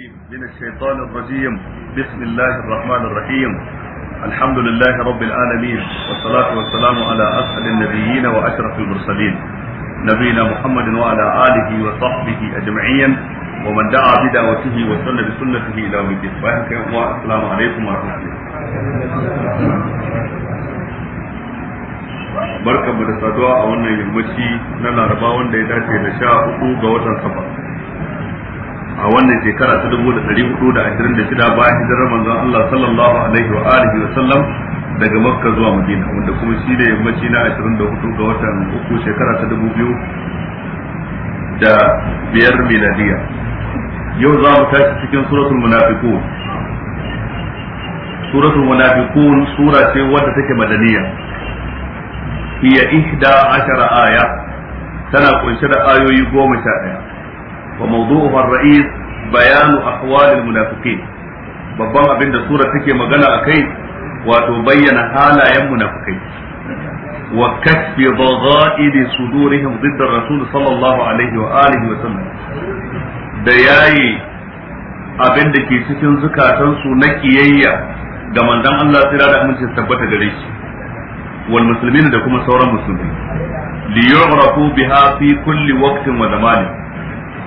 الرجيم من الشيطان الرجيم بسم الله الرحمن الرحيم الحمد لله رب العالمين والصلاة والسلام على أسعد النبيين وأشرف المرسلين نبينا محمد وعلى آله وصحبه أجمعين ومن دعا بدعوته وسن بسنته إلى يوم الدين السلام عليكم ورحمة الله barkan mu da saduwa a wannan yammaci na laraba wanda ya dace da sha uku ga watan safar a wannan shekara ta dubu da ɗari hudu da ashirin da shida bayan hijirar manzon Allah sallallahu alaihi wa alihi wa sallam daga Makka zuwa Madina wanda kuma shi ne yammaci na ashirin da hudu ga watan uku shekara ta dubu biyu da biyar miladiya yau za mu tashi cikin suratul munafiqun suratul munafiqun sura ce wadda take madaniya hiya ihda ashara aya tana kunshe da ayoyi goma sha ɗaya وموضوعها الرئيس بيان أحوال المنافقين babban abin da sura take magana a kai wato bayyana halayen munafikai wa kasfi dhaga'idi sudurihim didda rasul sallallahu alaihi wa alihi wa da yayi abin da ke cikin zukatan su na kiyayya ga mandan Allah tsira da amince tabbata gare shi wal muslimin da kuma sauran musulmi li yu'rafu biha fi kulli waqtin wa zamanin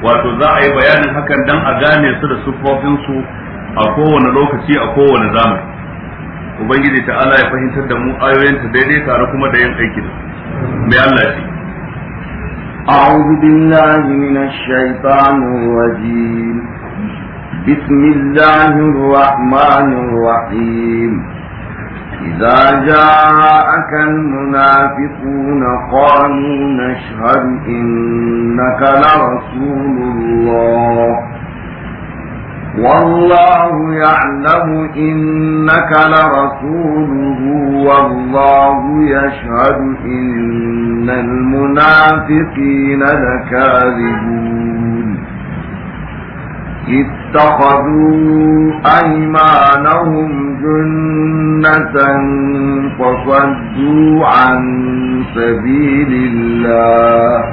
wato za a yi bayanin hakan dan a gane su da sufofin su a kowane lokaci a kowane zamani ubangiji ta ala ya fahimtar da mu ayoyin ta daidai tare kuma da yin aiki da mai Allah shi أعوذ بالله من الشيطان الرجيم بسم الله الرحمن إذا جاءك المنافقون قالوا نشهد إنك لرسول الله والله يعلم إنك لرسوله والله يشهد إن المنافقين لكاذبون اتخذوا أيمانهم جنة فصدوا عن سبيل الله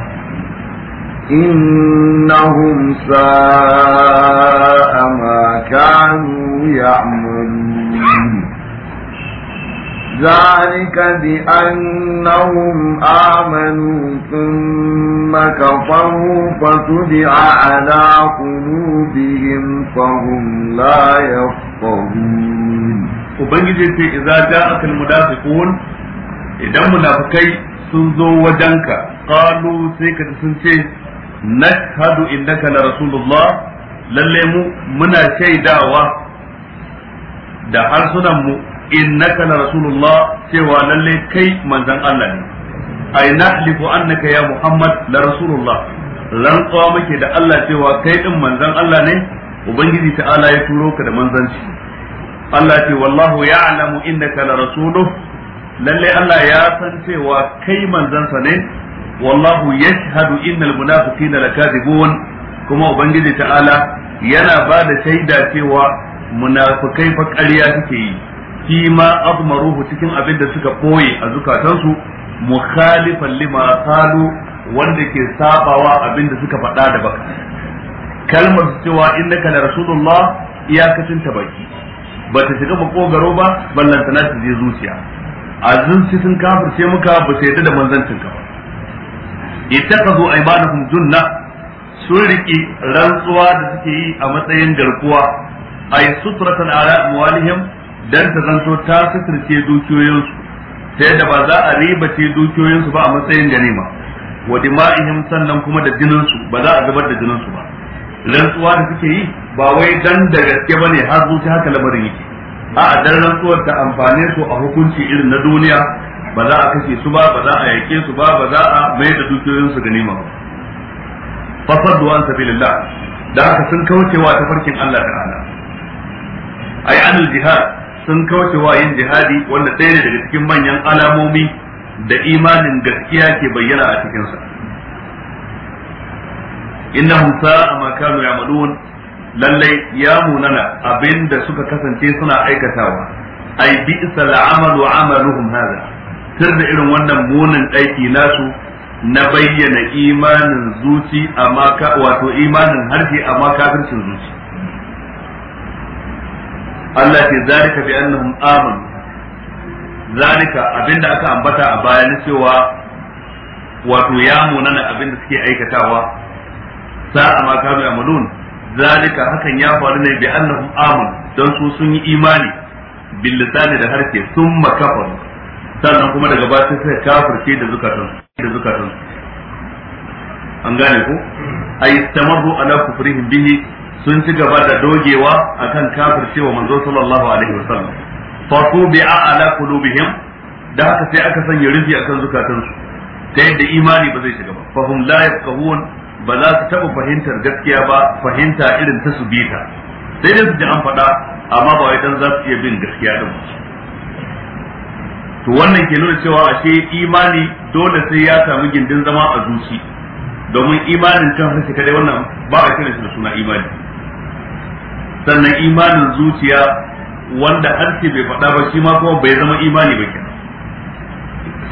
إنهم ساء ما كانوا يعملون ذلك بأنهم آمنوا ثم كفروا فتبع على قلوبهم فهم لا يفقهون Ubangiji ce idza ja'aka almunafiqun idan munafikai sun zo wajenka qalu sai ka sun ce nashhadu innaka la rasulullah lalle mu muna shaidawa da harsunan innaka la rasulullah cewa lalle kai manzon Allah ne ay nahlifu annaka ya muhammad la rasulullah rantsuwa muke da Allah cewa kai din manzon Allah ne ubangiji ta'ala ya turo ka da manzanci Allah ce wallahu ya'lamu innaka la rasuluhu lalle Allah ya san cewa kai manzansa ne wallahu yashhadu innal munafiqina lakadibun kuma ubangiji ta'ala yana ba da shaida cewa munafikai fa ƙarya suke yi fi ma azmaruhu cikin abin da suka koye a zukatansu mukhalifan lima qalu wanda ke sabawa abin da suka faɗa da baka kalmar cewa innaka la rasulullah iyakacin ta baki bata shiga makogaro ba ballantana ta je zuciya azunci sun kafirce muka ba su yadda da manzancin ka ba ittakhadhu aymanahum junna sun riki rantsuwa da suke yi a matsayin garkuwa ay sutratan ala amwalihim dan ta zanto ta suturce dukiyoyinsu ta yadda ba za a ce dukiyoyinsu ba a matsayin ganima wa dima'ihim sannan kuma da jininsu ba za a zubar da jininsu ba rantsuwa da suke yi ba wai dan da gaske bane har zuci haka lamarin yake a'a dan rantsuwar ta amfane su a hukunci irin na duniya ba za a kashe su ba ba za a yake su ba ba za a mai da dukiyoyinsu ganima ba fasaddu an sabilillah da haka sun kaucewa ta farkin Allah ta'ala ay anil jihad sun kauce wa yin jihadi wanda ɗaya ne daga cikin manyan alamomi da imanin gaskiya ke bayyana a cikinsa Inna sa'a ma kanu ya'malun lallai ya munana abinda suka kasance suna aikatawa ai bi amalu amaluhum hada tur da irin wannan munin aiki nasu na bayyana imanin zuci amma wato imanin harshe amma kafircin zuci Allah ke zalika bi annahum aman zalika abinda aka ambata a baya na cewa wato ya munana abinda suke aikatawa sa'a ma kanu amalun zalika hakan ya faru ne bi annahum aman dan su sun yi imani bil lisani da harshe sun kafaru sannan kuma daga baya suka kafirce da zukatan da zukatan an gane ko ay istamaru ala kufrihim bihi sun ci gaba da dogewa akan cewa manzo sallallahu alaihi wasallam fa bi ala qulubihim da haka sai aka sanya rufi akan zukatansu ta yadda imani ba zai shiga ba fa hum la yafqahun ba za su taba fahimtar gaskiya ba fahimta irin ta su bita sai dai su ji an faɗa amma ba wai dan za su iya bin gaskiya din to wannan ke nuna cewa ashe imani dole sai ya samu gindin zama a zuci domin imanin kan harshe kadai wannan ba a kira shi da suna imani sannan imanin zuciya wanda harshe bai faɗa ba shi ma kuma bai zama imani ba kenan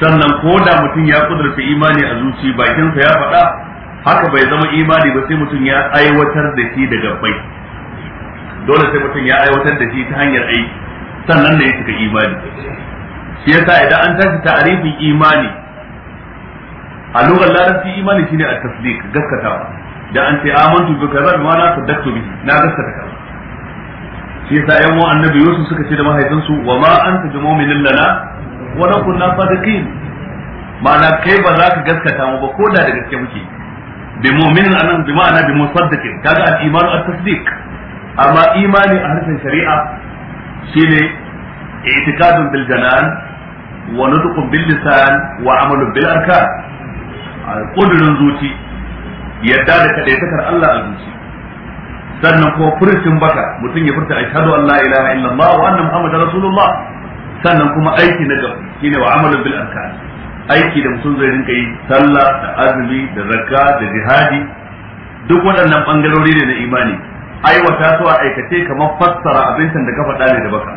sannan ko da mutum ya kudurta imani a zuci bakinsa ya faɗa haka bai zama imani ba sai mutum ya aiwatar da shi daga bai dole sai mutum ya aiwatar da shi ta hanyar aiki sannan ne ya cika imani shi yasa idan an tashi tarihin imani a lugar larabci imani shine a tasdik gaskatawa da an ce amantu bi kaza ma na saddaqtu bi na gaskata kaza shi yasa ƴan uwan annabi Yusuf suka ce da mahaifinsu wa ma anta bi mu'minin lana wa la kunna sadiqin ma'ana kai ba za ka gaskata mu ba ko da da gaske muke bi mu'minin anan bi ma'ana bi musaddiqin kaga al-imanu at-tasdiq amma imani a harshen shari'a shine i'tiqadun bil janan wa nutqun bil lisan wa amalun bil arkan kudurin zuci yadda da kadaitakar Allah a zuci sannan kuma furcin baka mutum ya furta ashhadu an la ilaha illallah wa anna muhammadar rasulullah sannan kuma aiki na gaba shine wa amalun bil arkan aiki da mutum zai rinka yi sallah da azumi da zakka da jihadi duk waɗannan bangarori ne na imani aiwata su a aikace kamar fassara abincin da ka faɗa ne da baka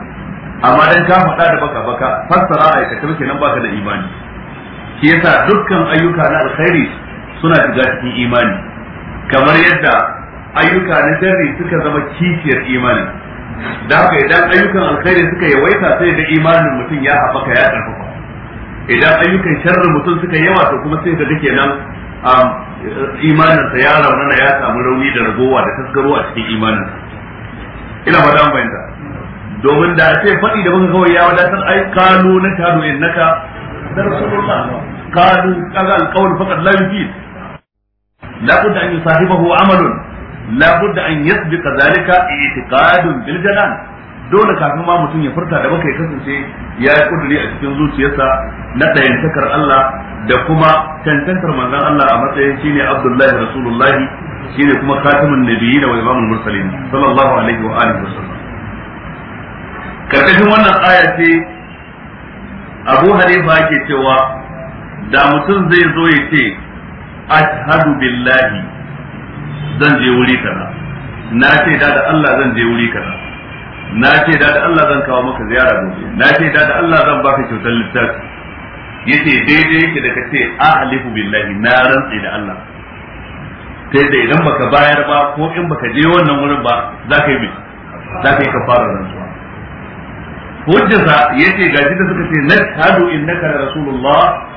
amma dan ka faɗa da baka baka fassara a aikace nan baka da imani shi yasa dukkan ayyuka na alkhairi suna shiga cikin imani kamar yadda ayyuka na sharri suka zama kishiyar imani da haka idan ayyukan alkhairi suka yawaita sai da imanin mutum ya haɓaka ya ƙarfafa idan ayyukan sharri mutum suka yawa to kuma sai ka ga nan um, imaninsa ya raunana ya samu rauni da ragowa da tasgaro a cikin imanin. ina ba da bayanta domin da sai faɗi da muka kawai ya wadatar ai kalu na taro naka da rasulullah kalu kaga alqawl faqad la yufid la budda an yusahibahu amalun la budda an yasbiqa zalika i'tiqadun bil janan dole kafin ma mutum ya furta da baka ya kasance ya yi kuduri a cikin zuciyarsa na dayantakar Allah da kuma tantantar manzon Allah a matsayin shine Abdullahi Rasulullahi shine kuma khatamun nabiyyi da wa mursalin sallallahu alaihi wa alihi wasallam karkashin wannan aya ce Abu Hanifa yake cewa da mutum zai zo ya ce ashhadu billahi zan je wuri kaza na ce da da Allah zan je wuri kaza na ce da da Allah zan kawo maka ziyara gobe na ce da da Allah zan baka kyautar littafi yace daidai yake da kace ahlifu billahi na rantsi da Allah sai da idan baka bayar ba ko in baka je wannan wurin ba za ka yi bi za ka yi kafara rantsuwa hujjarsa yace gashi da suka ce nashhadu innaka rasulullah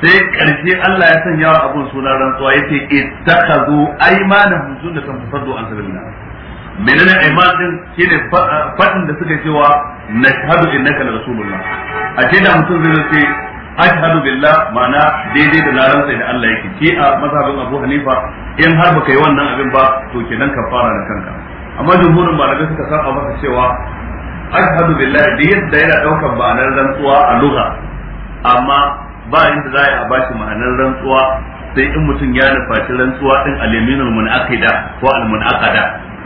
sai karshe Allah ya sanya wa abun suna rantsuwa yace ittakhadhu aymanahum sunnatan faddu an sabilillah menene ayman din shine fadin da suka cewa nashhadu innaka la rasulullah a ce da mutum zai ce ashhadu billah ma'ana daidai da laran sai da Allah yake ke a mazhabin Abu Hanifa in har baka yi wannan abin ba to kenan ka fara da kanka amma jumhurin malamai suka saba maka cewa ashhadu billah da yadda yana daukan ba'anar rantsuwa a lugha amma ba inda za a bashi ma'anar rantsuwa sai in mutum ya nufaci rantsuwa din al-yaminul ko almunakada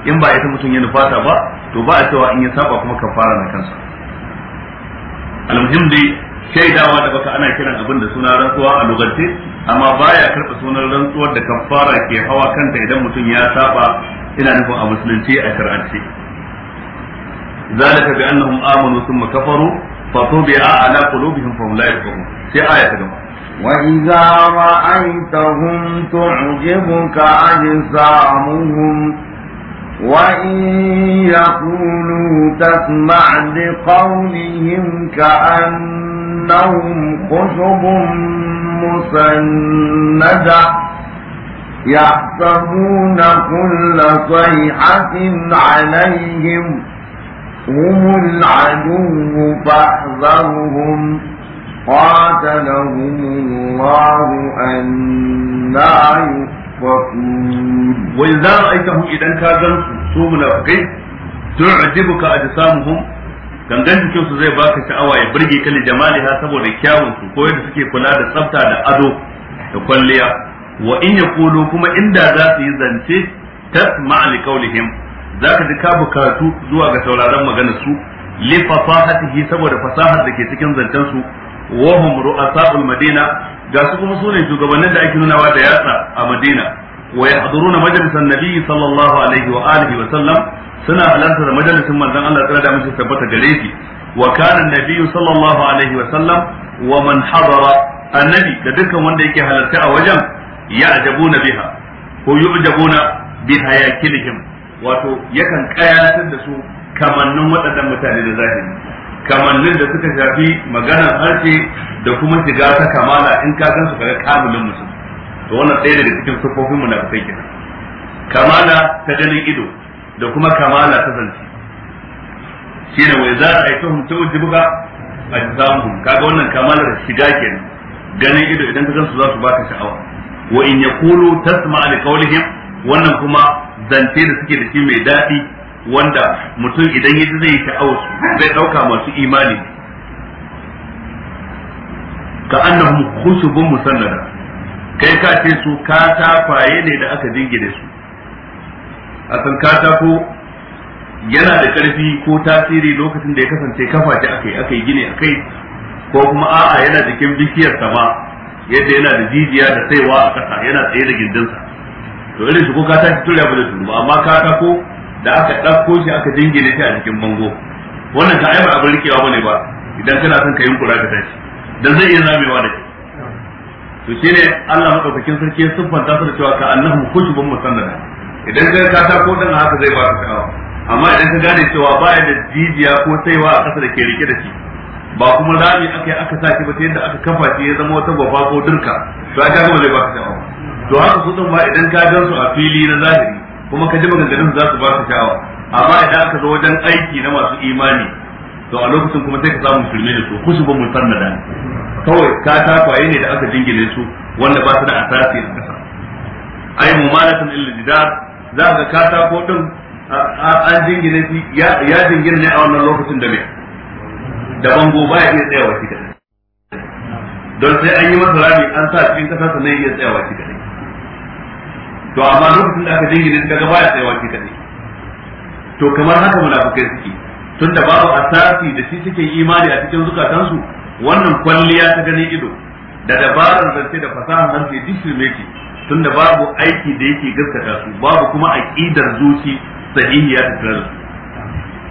in ba ita mutum ya nufata ba to ba a cewa in ya saba kuma kafara na kansa almuhim dai shaidawa da baka ana kiran abin da suna rantsuwa a lugance amma baya karba sunan rantsuwar da kafara ke hawa kanta idan mutum ya saba ina nufin a musulunci a shar'ance zalika bi annahum amanu thumma kafaru فطبع على قلوبهم فهم لا يفقهون في آية كما وإذا رأيتهم تعجبك أجسامهم وإن يقولوا تسمع لقولهم كأنهم خشب مسندة يحسبون كل صيحة عليهم هم العدو فاحذرهم قاتلهم الله أنا يؤفكون وإذا رأيتهم إذا كاذن سوء منافقين تعجبك أجسامهم gangan jikin su zai baka sha'awa ya burge ka jamaliha saboda kyawun su ko yadda suke kula da tsafta da ado da kwalliya wa in yaqulu kuma inda za su yi zance tasma' li qawlihim zaka ji ka bukatu zuwa ga sauraron maganar su li fasahatihi saboda fasahar da ke cikin zancen su wa hum ru'asa'ul madina ga su kuma sune shugabannin da ake nunawa da yatsa a madina wa yahduruna majalisan nabi sallallahu alaihi wa alihi wa sallam suna halartar majalisin manzon Allah tsara da musu tabbata gare shi wa kana nabi sallallahu alaihi wa sallam wa man hadara annabi da dukkan wanda yake halarta a wajen ya ajabuna biha ko yujabuna bi hayakilihim wato yakan kayatar da su kamannin waɗannan mutane da zahiri kamannin da suka shafi maganar harshe da kuma shiga ta kamala in ka san su kaga kamulin musu to wannan ɗaya daga cikin sufofin kai kenan kamala ta ganin ido da kuma kamala ta zance shine wai za a yi tuhum ta buga a samu kaga wannan kamalar shiga kenan ganin ido idan ka san su za su baka sha'awa wa in yaqulu tasma'a liqawlihim wannan kuma zance da suke da shi mai daɗi wanda mutum idan ya zai yi sha'awar zai ɗauka masu imani ka annahum khushubun musannada kai ka ce su katafaye ne da aka jingine su akan katako yana da ƙarfi ko tasiri lokacin da ya kasance kafa ce akai akai gine akai ko kuma a'a yana jikin bishiyar ma. yadda yana da jijiya da saiwa a ƙasa yana tsaye da gindinsa to irin ko ka tashi tura ba da turu amma katako da aka ɗauko shi aka jingine shi a cikin bango wannan ka aibar abin rikewa bane ba idan kana son ka yi kura ka tashi dan zai iya zamewa da shi to ne Allah madaukakin sarki ya siffanta su da cewa ka annahum kushubun musannada idan ka ko dan haka zai ba ka sha'awa amma idan ka gane cewa ya da jijiya ko saiwa a ƙasa da ke rike da shi ba kuma rami aka yi aka sa shi ba ta yadda aka kafa shi ya zama wata gwafa ko dirka to a ka ba zai ba ka sha'awa to haka su ma idan ka gan su a fili na zahiri kuma ka ji maganganun za su ba su sha'awa amma idan aka zo wajen aiki na masu imani to a lokacin kuma sai ka samu firme da su kusa ban musannada kawai ka takwaye ne da aka jingine su wanda ba su da asasi a kasa ai mumalatan lil jidar za ka katako din an jingine su ya jingine ne a wannan lokacin da mai? da bango ba ya iya tsayawa shi kadai don sai an yi masa rami an sa cikin kasa sannan ya iya tsayawa shi kadai to amma lokacin da aka jingina ne ga baya tsayawa shi kadai to kamar haka munafikai suke tun da babu asasi da shi suke imani a cikin zukatansu wannan kwalliya ta ganin ido da dabarar zance da fasahar harshe duk shirme da babu aiki da yake gaskata su babu kuma ƙidar zuci sahihiya ta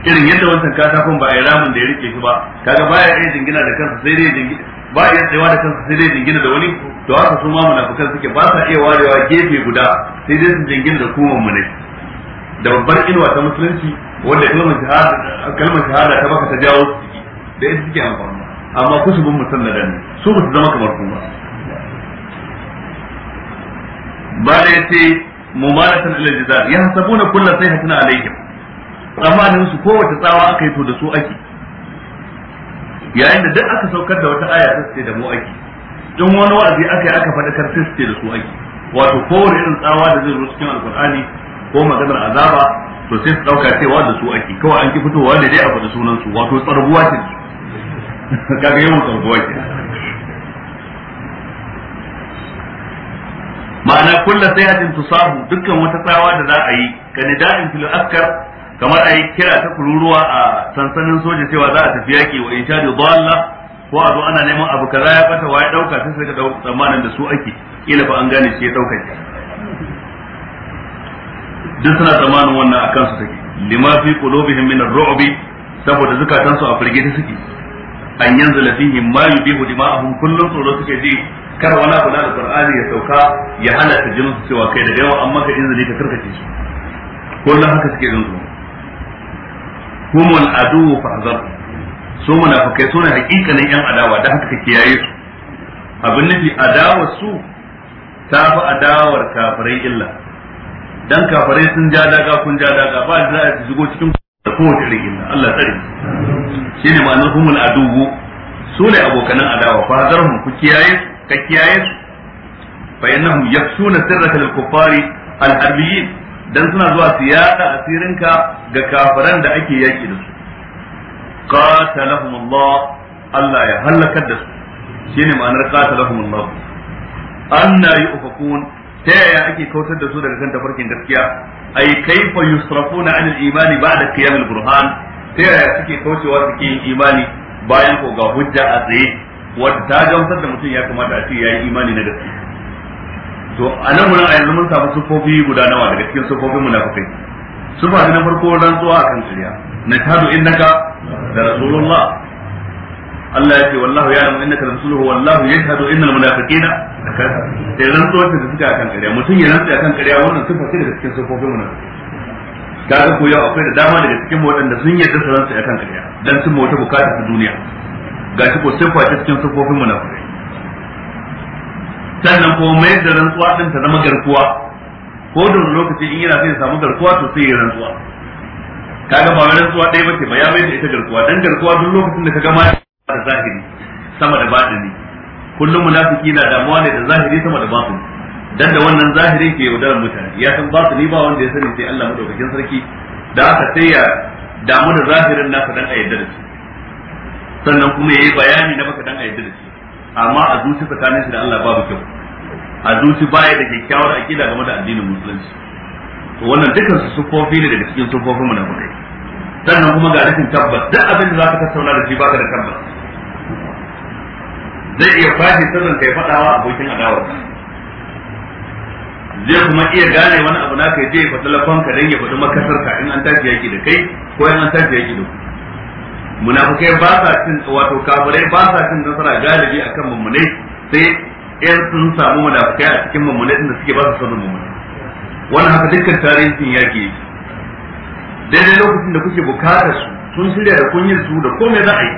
tare irin yadda wancan katakon ba a yi ramin da ya rike shi ba kaga baya iya jingina da kansa sai dai jingina ba iya tsayawa da kansa sai dai jingina da wani to haka su ma munafikan suke ba sa iya warewa gefe guda sai dai su jingina da kuma ne da babbar inuwa ta musulunci wanda kalmar shahada kalmar shahada ta baka ta jawo da ita suke amfani amma kushubun na dani su ba su zama kamar ku ba ba da yace mumalatan ila jizar ya sai kullu sayhatin alaihim tsammanin su kowace tsawa aka yi to da su ake yayin da duk aka saukar da wata aya ta ce da mu ake don wani wa'azi aka yi aka faɗi karfi su ce da su ake wato kowane irin tsawa da zai zo cikin alkur'ani ko maganar azaba to sai su dauka cewa da su ake kawai an ki fitowa ne dai a faɗi sunansu, su wato tsarbuwa ce kaga yawan tsarbuwa ke ma'ana kullu sayatin tusabu dukkan wata tsawa da za a yi kanida'in fil askar kamar a yi kira ta kururuwa a sansanin soja cewa za a tafi yaƙi wa in sha da ko a zo ana neman abu kaza ya bata waye dauka sai suka dauka tsammanin da su ake kila ba an gane shi ya dauka shi duk suna tsammanin wannan a kansu take lima fi qulubihim min ar-ru'b saboda zukatan su a firgita suke an yanzala fihim ma yubihu dima'ahum kullun tsoro suke ji kar wani abu na alqur'ani ya sauka ya ta jinin su cewa kai da yawa amma ka inzali ka karkace shi kullun haka suke jin su humul adu fahzar su su ne hakikanin yan adawa da haka kake yayi su abin nufi adawar su ta fi adawar kafirai illa dan kafirai sun ja daga kun ja daga ba da za a shigo cikin da kowace irin illa Allah tsare ne ma'anar humul adubu su ne abokanan adawa fa zarhum ku kiyaye ka kiyaye su fa innahum yaksuna sirrata lil kufari al harbiyin dan suna zuwa su yada asirinka ga kafiran da ake yaki da su qatalahum Allah Allah ya halakar da su shine ma'anar qatalahum Allah anna yufakun ta yaya ake kautar da su daga kan tafarkin gaskiya ay kaifa yusrafuna an al-iman ba'da qiyam al-burhan ta yaya suke kaucewa suke yin imani bayan ko ga hujja a tsaye wanda ta gamsar da mutum ya kamata a ce yayi imani na gaskiya to a nan wurin a yanzu mun samu sufofi guda nawa daga cikin sufofin munafikai sufa na farko rantsuwa kan shirya na tado innaka da rasulullah Allah ya ce wallahu ya alamu innaka rasuluhu wallahu yashhadu innal munafiqina sai rantsuwar da suka akan kariya mutum ya rantsa akan kariya wannan sifa ce daga cikin sifofin Da kaga ko yau akwai da dama daga cikin waɗanda sun yarda su rantsa akan kariya dan sun mota bukata ta duniya gashi ko sifa ce cikin sifofin munafiki sannan ko mai da rantsuwa din ta zama garkuwa ko da lokaci in yana sai ya samu garkuwa to sai ya rantsuwa kaga ba wani rantsuwa ɗaya bace ba ya mai da ita garkuwa dan garkuwa duk lokacin da ka gama da zahiri sama da batini kullum munafiki na damuwa ne da zahiri sama da batini dan da wannan zahiri ke yaudarar mutane ya san batini ba wanda ya sani sai Allah madaukakin sarki da aka sai ya damu da zahirin naka dan a yaddar da shi sannan kuma yayi bayani na maka dan a yaddar da shi amma a zuci tsakanin shi da Allah babu kyau a zuci baya da kyakkyawar akida game da addinin musulunci wannan dukkan su sufofi ne daga cikin sufofin bude sannan kuma ga rashin tabbas duk abin da zaka tattauna da shi baka da tabbas zai iya fashi sirrin kai fadawa abokin adawar zai kuma iya gane wani abu na kai zai faɗi ka dan ya faɗi ka in an tashi yaki da kai ko in an tashi yaki da ku munafukai ba sa cin wato kafirai ba sa cin nasara galibi akan mummunai sai yan sun samu munafukai a cikin mummunai din da suke ba su sanin mummunai wannan haka dukkan tarihin yaki yake daidai lokacin da kuke bukatar su sun shirya da kunyar su da komai za a yi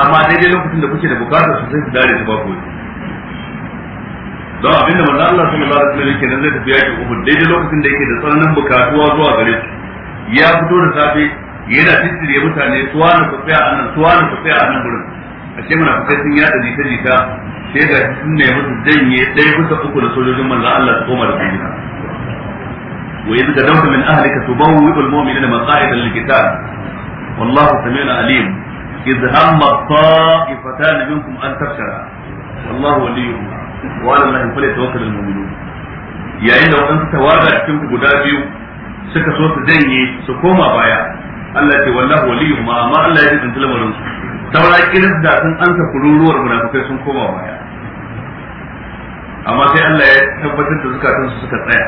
amma daidai lokacin da kuke da bukatar su sai su dare su ba ku don abin da manzo Allah sallallahu alaihi wasallam yake nan zai tafi yaki Uhud daidai lokacin da yake da tsananin bukatuwa zuwa gare su ya fito da safe yana titire mutane tuwa na ku tsaya anan tuwa na ku tsaya anan gurin ashe muna fitar sun yada jita jita sai ga sun ne musu janye ɗaya kusa uku da sojojin manzo Allah su koma da kuma وإذ غدوت من أهلك تبوئ المؤمنين مقاعد للقتال والله سميع عليم إذ هم الطائفتان منكم أن تفشلا والله وليهما وعلى الله فليتوكل المؤمنون يا إن وأنت توابع كنت قدابيو suka so su janye su koma baya Allah ce wallahu waliyuhum amma Allah ya ji tuntula marin su saura kiris da sun ansa kururuwar munafikai sun koma baya amma sai Allah ya tabbatar da zukatan su suka tsaya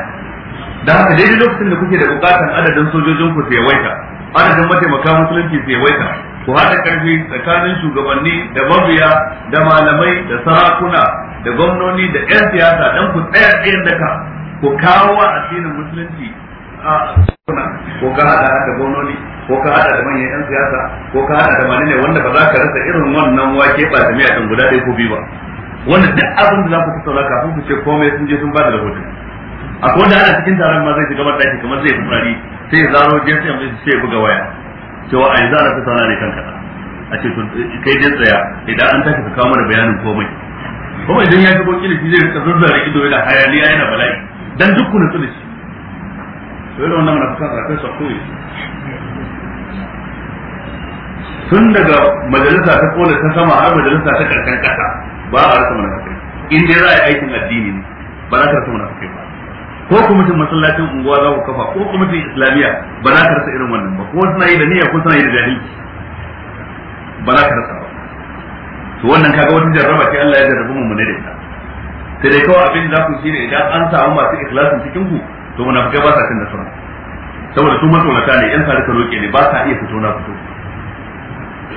da haka daidai lokacin da kuke da bukatan adadin sojojin ku sai waita adadin mataimaka musulunci sai waita ku haɗa karfi tsakanin shugabanni da mabiya da malamai da sarakuna da gwamnoni da 'yan siyasa dan ku tsaya tsayin daka ku kawo addinin musulunci ko ka hada da gwamnoni ko ka hada da manyan yan siyasa ko ka hada da mani ne wanda ba za ka rasa irin wannan wake ba da miya guda ɗaya ko biyu ba wannan duk abin da za ku tattauna kafin ku ce komai sun je sun ba da rahoton akwai wanda ana cikin taron ma zai shiga ban daki kamar zai furari sai ya zaro jin sai mai sai ya buga waya to a za a ta ne kanka a ce kai dai tsaya idan an tashi ka kawo mana bayanin komai kuma idan ya shigo kila shi zai rika da ido yana hayaniya yana bala'i dan duk ku nutsu shi to yana wannan mana fuka kai sa koyi tun daga majalisa ta kola ta sama har majalisa ta karkan kasa ba a rasa munafikai in dai za a yi aikin addini ne ba za ka rasa munafikai ko kwamitin masallacin unguwa za ku kafa ko kwamitin islamiyya ba za ka rasa irin wannan ba ko suna yi da niyya ko suna yi da jahilci ba za ka rasa ba to wannan kaga wani jarraba ke Allah ya jarrabu mu ne da ita sai dai kawai abin da ku shi ne idan an samu masu ikhlasin cikin ku to munafikai ba sa cin nasara saboda su matsalata ne yan sarika roke ne ba sa iya fito na fito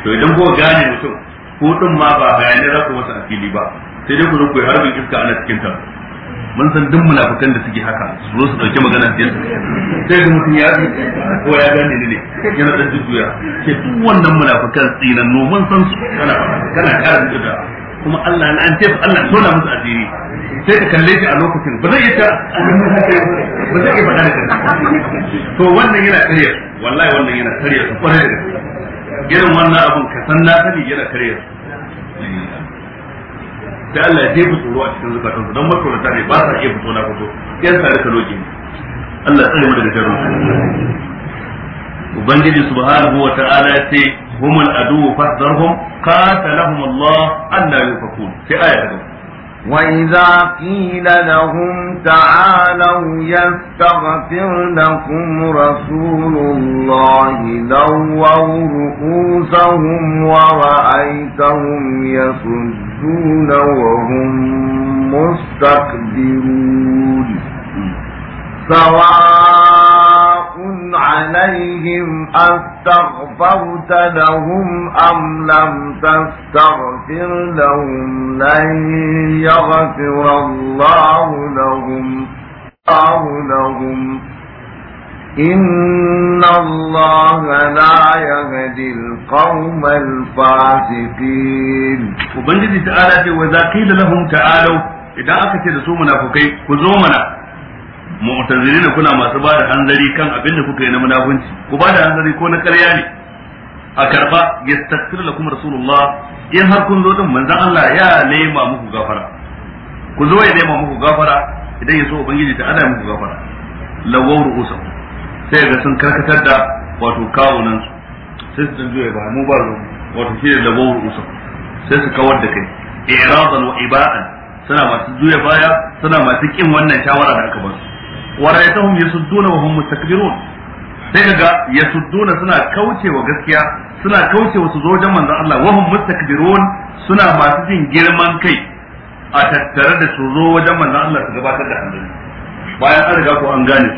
to idan ko gane mutum ko din ma ba bayanai za ku masa a fili ba sai dai ku zo ku yi harbin iska ana cikin ta mun san duk munafikan da suke haka su zo su dauki magana su sai da mutum ya yi ko ya gane ne ne yana da jujjuya ke duk wannan munafikan no mun san su kana kana kara da kuma Allah na an ce Allah tona musu asiri sai ka kalle shi a lokacin ba zai ta ba zai faɗa da kai to wannan yana kariya wallahi wannan yana kariya su kwarai da irin wannan abun ka san na sani yana kariya sai Allah ya jefa tsoro a cikin zukatan su dan makorata ne ba sa iya fito na fito yan sare ka loke Allah ya tsare mu daga sharri ubangiji subhanahu wa ta'ala ya ce humul adu fahzarhum qatalahum Allah anna yufakun sai aya ta وإذا قيل لهم تعالوا يستغفر لكم رسول الله لووا رؤوسهم ورأيتهم يصدون وهم مستكبرون سواء عليهم أستغفرت لهم أم لم تستغفر لهم لن يغفر الله لهم الله لهم إن الله لا يهدي القوم الفاسقين وبنجد تعالى وإذا قيل لهم تعالوا إذا أكتد سومنا فكي كزومنا ne kuna masu ba da hanzari kan abin da kuka yi na munafunci ku ba da hanzari ko na ƙarya ne a karba da lakum rasulullah in har kun zo din manzon Allah ya nema muku gafara ku zo ya nema muku gafara idan ya so ubangiji ta ana muku gafara lawar ru'usa sai ga sun karkatar da wato kawunan su sai su juya ba mu ba wato shi da lawar ru'usa sai su kawar da kai i'radan wa iba'an suna masu juya baya suna masu kin wannan shawara da aka ba su wa ra'aytahum yasudduna wa hum mustakbirun sai kaga yasudduna suna kaucewa gaskiya suna kaucewa su zo wajen manzon Allah wa hum mustakbirun suna masu jin girman kai a tattare da su zo wajen manzon Allah su gabatar da hanzari bayan an ko an gane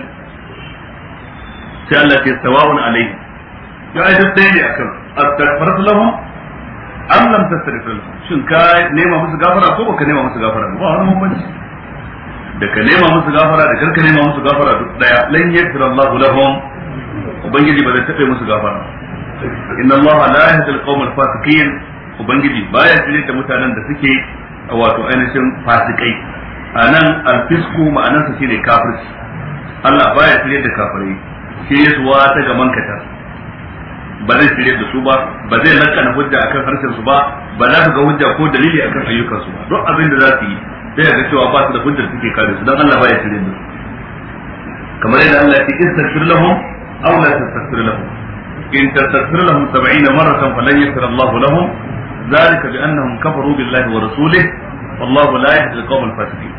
su sai Allah ke sawa'un alaihi ya ka nema musu gafara ko baka nema musu gafara ba wani da ka nema musu gafara da karka nema musu gafara duk daya lan yaghfir Allahu lahum ubangiji ba zai tabe musu gafara inna Allaha la yahdi al-qawm al-fasiqin ubangiji baya shirye da mutanen da suke wato ainihin fasikai anan al-fisku ma'anarsa shine kafirci Allah baya shirye da kafirai shi yasuwa ta gaman katar ba zai shirye da su ba ba zai lakana hujja akan harshen su ba ba za ka ga hujja ko dalili akan ayyukan su ba duk abin da za su yi sai ga cewa ba su da hujjar suke kare su dan Allah baya shirye da su kamar yadda Allah ya ce in istaghfir lahum aw la tastaghfir lahum in tastaghfir lahum 70 maratan falan yaghfir Allah lahum ذلك بأنهم كفروا wa ورسوله والله لا يهدي القوم الفاسقين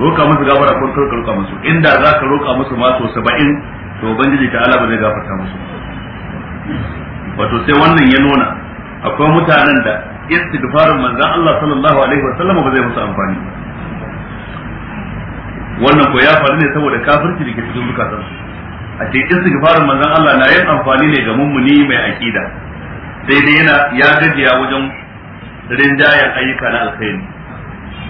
roka musu gafara ko kar roka musu inda za ka roka musu ma so 70 to ubangiji ta Allah ba zai gafarta musu wato sai wannan ya nuna akwai mutanen da istighfarin manzon Allah sallallahu alaihi wasallam ba zai musu amfani wannan ko ya faru ne saboda kafirci da ke cikin zukatan a ce istighfarin manzon Allah na yin amfani ne ga mummuni mai aqida sai dai yana ya gajiya wajen rinjayen ayyuka na alkhairi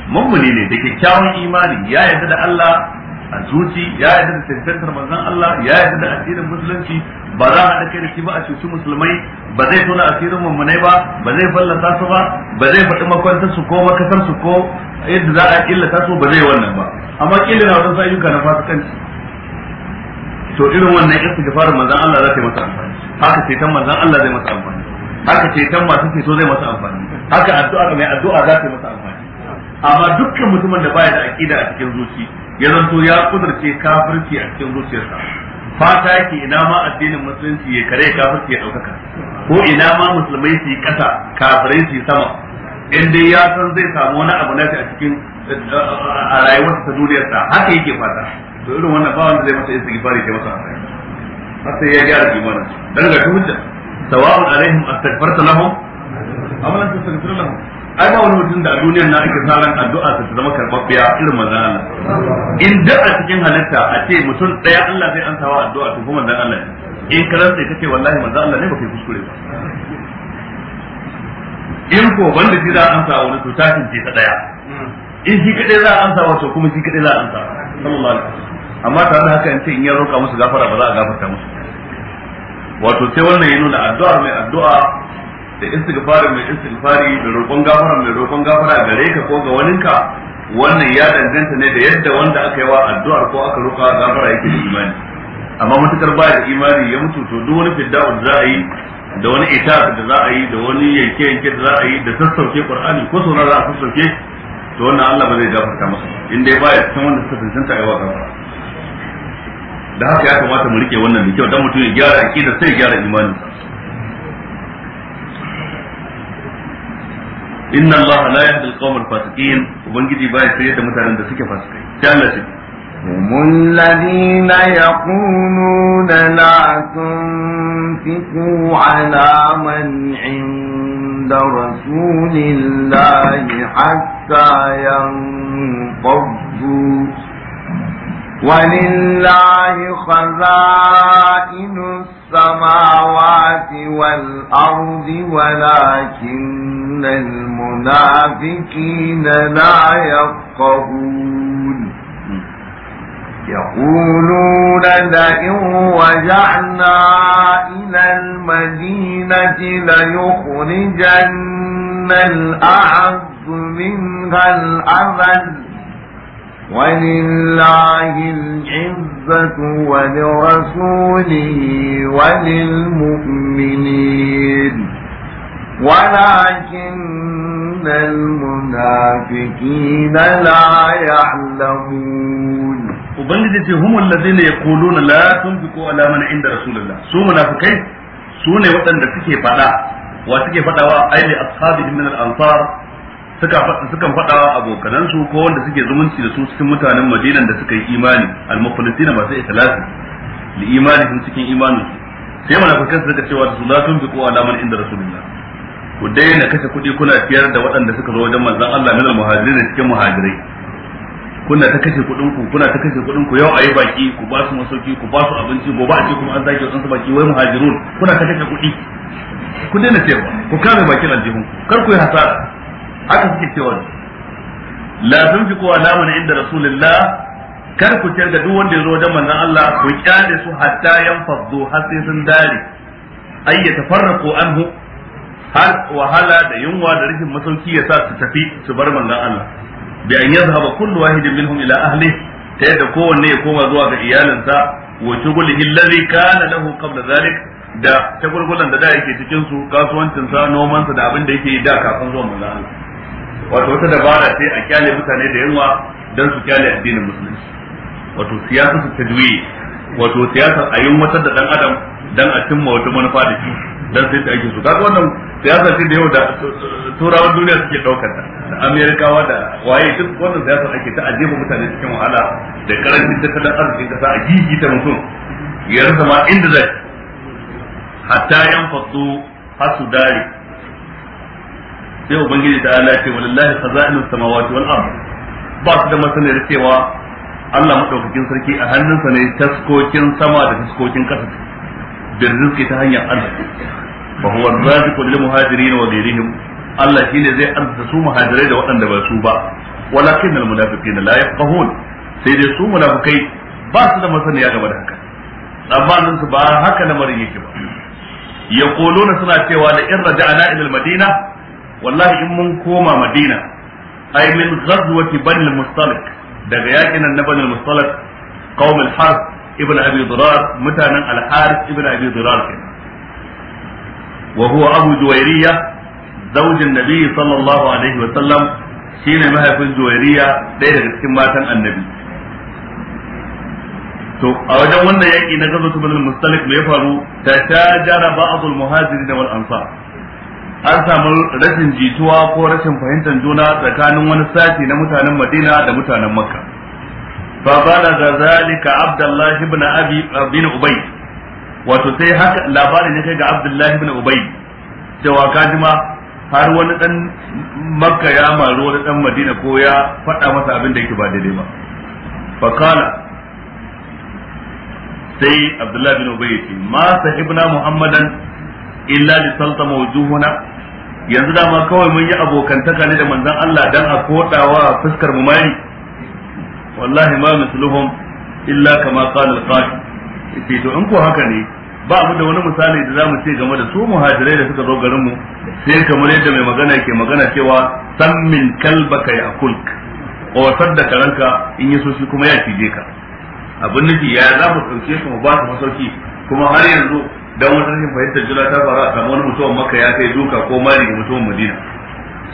mummuni ne da kyakkyawan imani ya yarda da Allah a zuci ya yi da tantantar manzon Allah ya yi da asirin musulunci ba za a haɗa kai da shi ba a cuci musulmai ba zai tona asirin mummunai ba ba zai fallasa su ba ba zai faɗi makwantar su ko makasar su ko yadda za a illata su ba zai wannan ba amma kila na wadansu ayyuka na fasikanci to irin wannan fara manzon Allah za ta yi masa amfani haka ce tan manzon Allah zai masa amfani haka ce tan masu ceto zai masa amfani haka addu'a mai addu'a za ta yi masa amfani amma dukkan mutumin da baya da aƙida a cikin zuci. ya zanto ya kudurce kafirci a cikin zuciyarsa fata yake ina ma addinin musulunci ya kare kafirci ya ɗaukaka ko ina ma musulmai su yi ƙasa kafirai su yi sama in dai ya san zai samu wani abu nashi a cikin a rayuwarsa ta duniyarsa haka yake fata to irin wannan ba wanda zai masa yin istighfari ke masa har sai ya gyara imanin dan ga hujja sawa'un alaihim astaghfarta lahum amalan tastaghfir lahum ai ba wani mutum da a duniyar na ake sa ran addu'a ta zama karɓaɓɓiya irin manzan Allah in duk a cikin halitta a ce mutum ɗaya Allah zai an sawa addu'a to kuma manzan Allah in karar sai kace wallahi manzan Allah ne ba kai kuskure ba in ko wanda shi za a ansa wani to tashin ce ta ɗaya in shi kaɗai za a ansa wa to kuma shi kaɗai za a ansa sallallahu alaihi wasallam amma tare da haka in ce in ya roƙa musu gafara ba za a gafarta musu wato sai wannan ya nuna addu'a mai addu'a da istighfarin mai istighfari da roƙon gafara mai roƙon gafara gare ka ko ga waninka wannan ya danganta ne da yadda wanda aka yi wa addu'ar ko aka roƙa gafara yake da imani amma matukar ba da imani ya mutu to duk wani fidda'u da za a yi da wani ita da za a yi da wani yanke yanke da za a yi da sassauke qur'ani ko sauran za a sassauke to wannan Allah ba zai gafarta masa in dai baya cikin wanda suka tantance a yi wa gafara da haka ya kamata mu rike wannan da kyau dan mutum ya gyara aqida sai ya gyara imaninsa inna Allah la yahdi al-qawm al-fasiqin ubangiji baya shirye da mutanen da suke fasikai sai Allah shi هم الذين يقولون لا تنفقوا على من عند رسول الله حتى ينفضوا ولله خزائن السماوات والأرض ولكن المنافقين لا يفقهون يقولون لئن رجعنا إلى المدينة ليخرجن الأعز منها الأذل ولله العزة ولرسوله وللمؤمنين ولكن المنافقين لا يعلمون ubangiji ce humul ladzina yaquluna la tunfiqu ala man inda rasulillah su munafikai su ne waɗanda suke faɗa wa suke faɗawa aili ashabi min al-ansar suka sukan faɗa abokanansu ko wanda suke zumunci da su cikin mutanen madinan da suka yi imani al-mukhlisina masu ikhlasi li imanihim cikin imanin su sai munafikan suka cewa za su la tunfiqu ala inda rasulillah ku daina kashe kuɗi kuna siyar da waɗanda suka zo wajen manzon Allah min al-muhajirin cikin muhajirai kuna ta kashe kuɗin ku kuna ta kashe kuɗin ku yau ayi baki ku ba su masauki ku ba su abinci gobe a ce kuma an zage wasu baki wai muhajirun kuna ta kashe kuɗi ku daina cewa ku kame bakin aljihun kar ku yi hasara haka suke cewa la tunfiqu ala man inda rasulillah kar ku ciyar da duk wanda ya zo wajen manzon Allah ku kyale su hatta yanfaddu har sai sun dare ay yatafarraqu anhu har wahala da yunwa da rikin masauki ya sa su tafi su bar manzon Allah bi an yadhhaba kullu wahidin minhum ila ahli, ta yadda kowanne ya koma zuwa ga iyalinsa wa shughulihi alladhi kana lahu qabla dhalik da tagulgulan da da yake cikin su kasuwancin sa noman sa da abin da yake da kafin zuwa manzon Allah wato wata dabara sai a kyale mutane da yunwa don su kyale addinin musulunci wato siyasar su tajwiyi wato siyasar a yi wata da dan adam dan a cimma wata manufa da shi dan sai ta ake su kaga wannan siyasa ce da yau da turawan duniya suke daukar ta da amerikawa da waye duk wannan siyasa ake ta ajeba mutane cikin wahala da karancin tattalin arzikin kasa a ta mutum ya rasa ma inda zai hatta yan fasu hasu dare sai ubangiji ta Allah ce walillahi khaza'inus samawati wal ard ba su da masaniyar cewa Allah madaukakin sarki a hannunsa ne taskokin sama da taskokin ƙasa da rizki ta hanyar arziki fa huwa ar-raziqu lil muhajirin wa ghayrihim Allah shine zai arzuta su muhajirai da waɗanda ba su ba walakin al munafiqina la yafqahun sai dai su munafikai ba su da masaniya game da haka tsammanin su ba haka lamarin yake ba yaquluna suna cewa la in raja'na ila al-madina wallahi in mun koma madina Ai min ghazwati bani mustalik daga yakin nan na bani mustalik qaum al-harb ibn abi dirar mutanen al-harith ibn abi dirar wa huwa abu juwayriya zaujin nabi sallallahu alaihi wa sallam shine mahaifin juwayriya ɗaya daga cikin matan annabi to a wajen wannan yaki na gazo tumul mustalik me ya faru ta tajara ba'dul muhajirin wal ansar an samu rashin jituwa ko rashin fahimtar juna tsakanin wani sashi na mutanen Madina da mutanen Makka fa da zalika Abdullahi ibn Abi ibn Ubay wato sai haka labarin ya kai ga abdullahi ibn Ubay cewa kajima har wani dan Makka ya maru wani dan Madina ko ya faɗa masa abin da yake ba daidai ba fa kana sai abdullahi ibn ubay yace ma sahibna muhammadan illa li saltama wujuhuna yanzu dama kawai mun yi abokantaka ne da manzon Allah dan a kodawa fuskar mu mai wallahi ma misluhum illa kama qala al-qasim sai to in ko haka ne ba mu da wani misali da zamu ce game da su muhajirai da suka zo garin mu sai kamar yadda mai magana ke magana cewa sammin kalbaka ya kulk wasar da karanka in yaso shi kuma ya cije ka abin nufi ya za mu ɗauke su mu ba su masauki kuma har yanzu dan wani rashin fahimtar juna ta faru a samu wani mutuwan maka ya kai duka ko mari ga mutuwan madina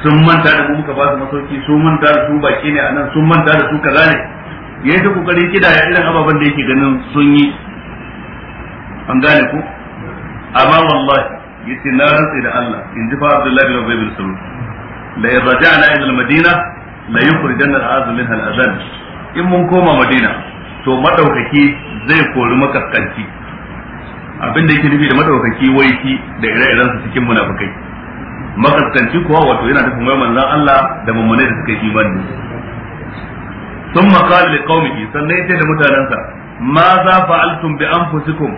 sun manta da mu muka ba su masauki sun manta da su baki ne anan sun manta da su kaza ne yayi ta kokarin kida ya irin ababen da yake ganin sun yi an gane ku amma wallahi yace na rantsi da Allah in ji fa Abdullahi bin Ubay bin Salul la yarja'na ila al-Madina la yukhrijanna al-azm minha al-azan in mun koma Madina to madaukaki zai kori makaskanci abin da yake nufi da madaukaki waiki da ire-iren su cikin munafikai makaskanci kuwa wato yana tafi mai manzan Allah da mummune da suka yi imani sun makali da qaumihi sannan ya ce da mutanensa ma za fa'altum bi anfusikum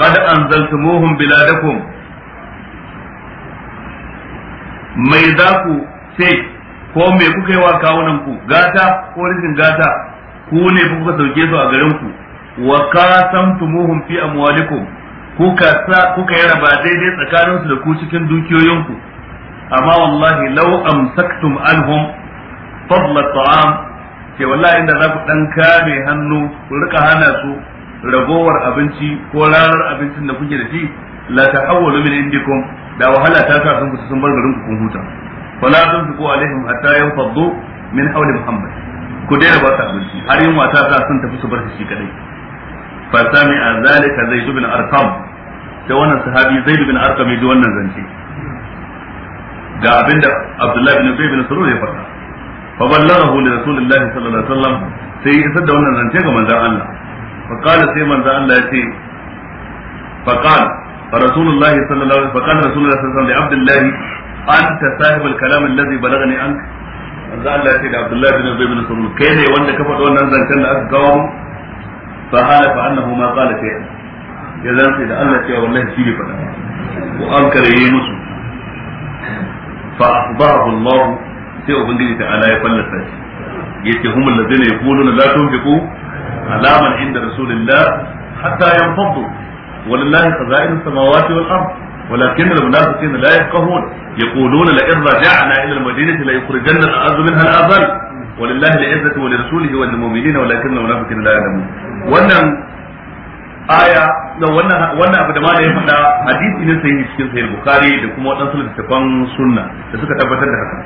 qad anzaltumuhum biladakum mai za ku ce ko me kuka yi wa kawunan ku gata ko rikin gata ku ne kuka sauke su a garin ku wa qasamtumuhum fi amwalikum kuka sa kuka yi raba daidai tsakanin su da ku cikin dukiyoyinku amma wallahi law amsaktum anhum fadla ta'am ce wallahi inda za ku dan kame hannu ku rika hana su ragowar abinci ko ranar abincin da kuke da shi la tahawwalu min indikum da wahala ta sa sun sun bar garin ku kun huta fala tunfiqu alaihim hatta yanfaddu min hawli muhammad ku daina ba su abinci har yin wata sa sun tafi su bar shi kadai fa sami'a zalika zaid ibn arkam. sai wannan sahabi zaid bin arqam ya ji wannan zance ga abinda abdullahi bin zaid bin surur ya faɗa fa ballaghahu li rasulillahi sallallahu alaihi wasallam sai ya isar da wannan zance ga manzon Allah fa qala sai manzon Allah ya ce fa qala fa rasulullahi sallallahu alaihi fa qala rasulullahi sallallahu alaihi wasallam li abdullahi anta sahibul kalam alladhi balagani anka manzo Allah ya ce da Abdullahi bin Zubair bin Sulul kai ne wanda ka faɗi wannan zancen da aka kawo fa hala fa annahu ma qala kai. ya rantsa da Allah cewa wallahi shi ne faɗa ko an karaye musu fa asbahu Allah sai ubangiji ta ya fallasa shi yace yaquluna la tunfiqu ala man inda rasulillah hatta yanfadu ولكن المنافقين لا يفقهون يقولون لئن رجعنا الى المدينه ليخرجن منها الاذل ولله العزه ولرسوله وللمؤمنين ولكن المنافقين لا يعلمون wannan aya da wannan wannan abu da malai ya faɗa hadisi ne sai cikin sayar bukhari da kuma wadansu littafan sunna da suka tabbatar da haka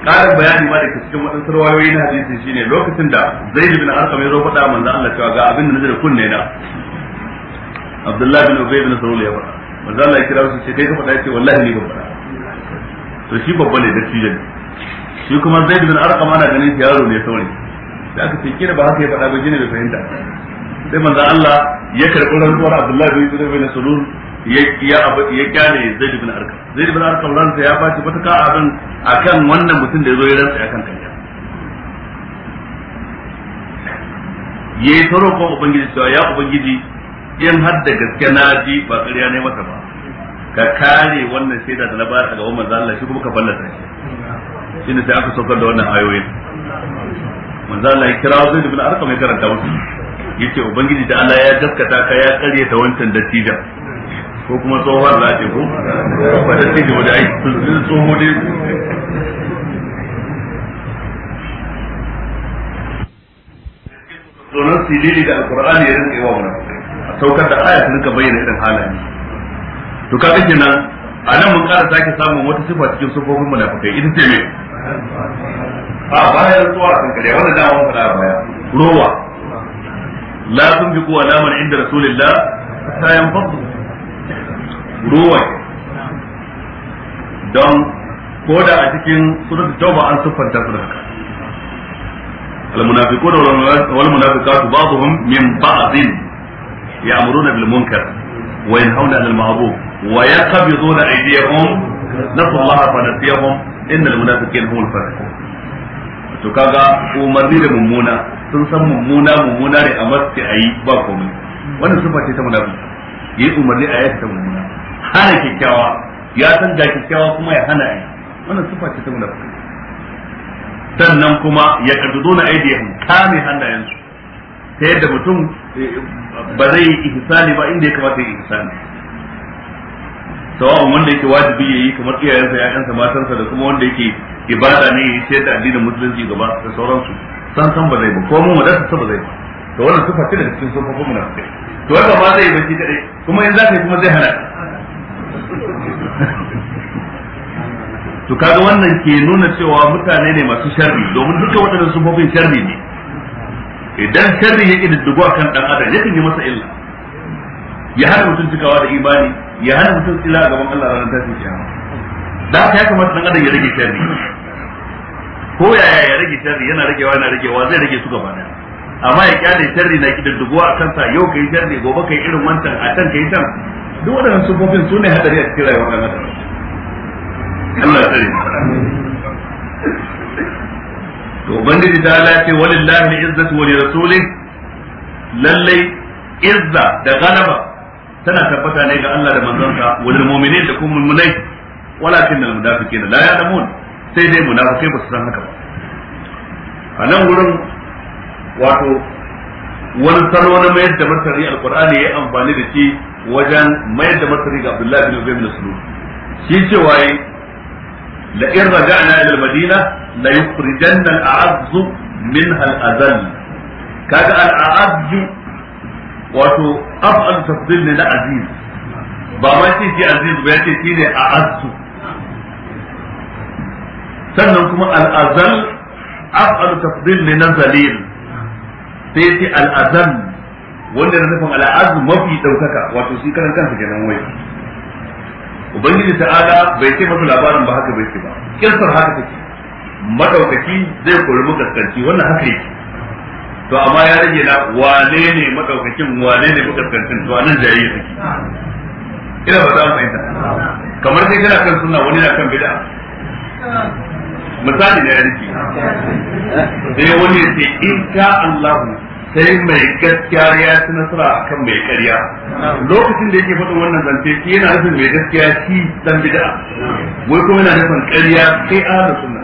karin bayani ma da ke cikin wadansu rawayoyi na hadisi shine lokacin da zaid bin arqam ya zo faɗa manzo Allah cewa ga abin da nazar kunne na Abdullahi bin Ubay bin Salul ya faɗa manzo Allah ya kira su ce kai ka faɗa ce wallahi ni babba faɗa to shi babba ne da shi ne shi kuma zaid bin arqam ana ganin yaro ne sauri. da aka ce kira ba haka ya faɗa ba jini bai fahimta sai manzo Allah ya karɓi rantsuwar Abdullahi bin Zubair bin Sulul ya ya ya kyale Zaid bin Arqam Zaid bin Arqam sai ya baci fataka abin akan wannan mutum da yazo ya rantsa akan kanya yayi toro ko ubangiji cewa ya ubangiji in har da gaske na ji ba ƙarya ne mata ba ka kare wannan shaida da na ba a ga manzo Allah shi kuma ka ballata shi shine sai aka saukar da wannan ayoyin manzo Allah ya kira Zaid bin Arqam ya karanta musu yace ubangiji da Allah ya gaskata ka ya kare ta wancan dattija ko kuma tsohuwar za a ce ko ba da ce da ai tsoho dai sunan silili da alkur'ani ya rinka yawa wani saukar da aya ta rinka bayyana irin halaye to kaga nan a nan mun ƙara sake samun wata sifa cikin sufofin munafikai ita ce me a bayan zuwa a kankare wannan da mun faɗa a baya rowa la tunfiqu ala man inda rasulillah ta yanfadu ruwa don koda a cikin surat tauba an siffanta su da haka المنافقون والمنافقات بعضهم من بعض يأمرون بالمنكر وينهون عن المعروف ويقبضون أيديهم نسوا الله فنسيهم إن المنافقين هم الفاسقون to kaga umarni da mummuna sun san mummuna mummuna ne a su a yi ba komai wannan sun ce ta munafiki Yi umarni a yaki ta mummuna hana kyakkyawa ya san ga kyakkyawa kuma ya hana yi. wannan sun ce ta munafiki sannan kuma ya aidi ya kame hannayensu ta yadda mutum eh, ba zai yi ihsani ba inda ya kamata yi ihsani sawa'un wanda yake wajibi ya yi kamar iyayensa ya'yansa matansa da kuma wanda yake ibada ne ya yi da addinin musulunci gaba da sauransu san san ba zai ba ko mun wadata sa ba zai ba to wannan su ce daga cikin sufofin munafiki to wanda ba zai ba shi kadai kuma in zaka kuma zai hana to kaga wannan ke nuna cewa mutane ne masu sharri domin duka waɗannan bafin sharri ne idan sharri ya kididdigo kan dan adam yakan yi masa illa ya hana mutum cikawa da imani ya hana mutum tsila a gaban Allah ranar tashin kiyama da haka ya kamata dan adam ya rage sharri ko yaya ya rage sharri yana ragewa yana ragewa zai rage su gaba daya amma ya kyale sharri na kidan a kansa yau kai sharri gobe kai irin wancan a can kai can duk wadannan sufofin su ne hadari a cikin rayuwar na adam Allah ya tsare to ubangiji ta lafi ce walillahi al-izzatu wa rasuli lallai izza da galaba tana tabbata ne ga Allah da wa lil mu'minin da kuma mu'minai walakin al-munafiqin la ya'lamun sai dai munafikai ba su san haka ba a nan wurin wato wani salo na mayar da martani alkur'ani ya amfani da shi wajen mayar da martani ga abdullahi bin ubay bin sulul shi cewa yi la in raja'na ila al-madina la yukhrijanna al-a'azz minha al-azall kaga al-a'azz wato af'al tafdil ne na aziz ba ma ce shi aziz ba ya ce shi ne a'azzu sannan kuma al'azal af'al tafdil ne na zalil sai ce al'azal wanda na nufin al'azm mafi daukaka wato shi karan kansa kenan wai ubangiji ta'ala bai ce masa labarin ba haka bai ce ba kirsar haka take madaukaki zai kori makaskanci wannan haka yake to amma ya rage na wane ne madaukakin wane ne makaskancin to anan jayi take ina ba za mu fahimta kamar sai kana kan sunna wani na kan bid'a misali da yanki sai wani ya ce in sha Allah sai mai gaskiya ya ci nasara akan mai karya lokacin da yake faɗin wannan zance shi yana nufin mai gaskiya shi dan bid'a wai kuma yana nufin karya kai ahlu suna.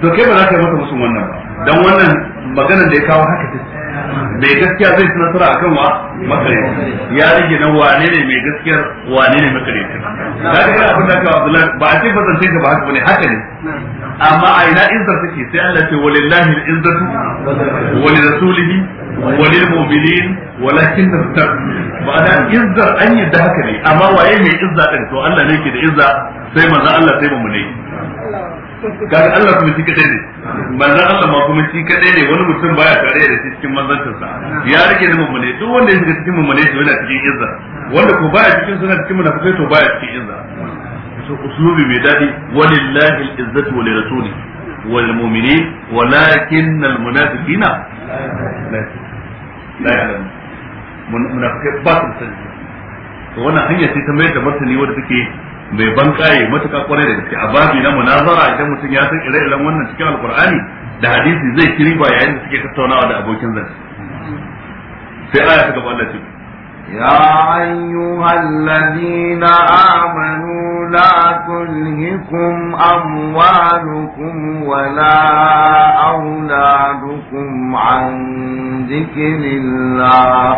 to kai ba za ka yi masa musu wannan ba dan wannan maganar da ya kawo haka ta mai gaskiya zai ci nasara akan wa makare ya rage na wane ne mai gaskiyar wane ne makare ka ga abin da ka Abdullahi ba a ce ba zance ka ba haka bane haka ne amma a ina izzar ke sai Allah ce walillahi al-izzatu wa li rasulihi wa lil mu'minin walakin tar ma'ana izzar an yadda haka ne amma waye mai izza ɗin to Allah ne ke da izza sai manzo Allah sai mu ne kaga Allah kuma shi kadai ne manzo Allah ma kuma shi kadai ne wani mutum baya tare da shi cikin manzantarsa ya rike da mu ne duk wanda ya shiga cikin mu ne to yana cikin izza wanda ko baya cikin suna cikin munafikai to baya cikin izza uslubi mai daɗi. walillahi al ce ta da mai ban kaye matuƙa kwarai da gaske a babi na munazara idan mutum ya san ire-iren wannan cikin alkur'ani da hadisi zai kiriba yayin da suke tattaunawa da abokin zance sai aya ta gaba Allah ce يا أيها الذين آمنوا لا تلهكم أموالكم ولا أولادكم عن ذكر الله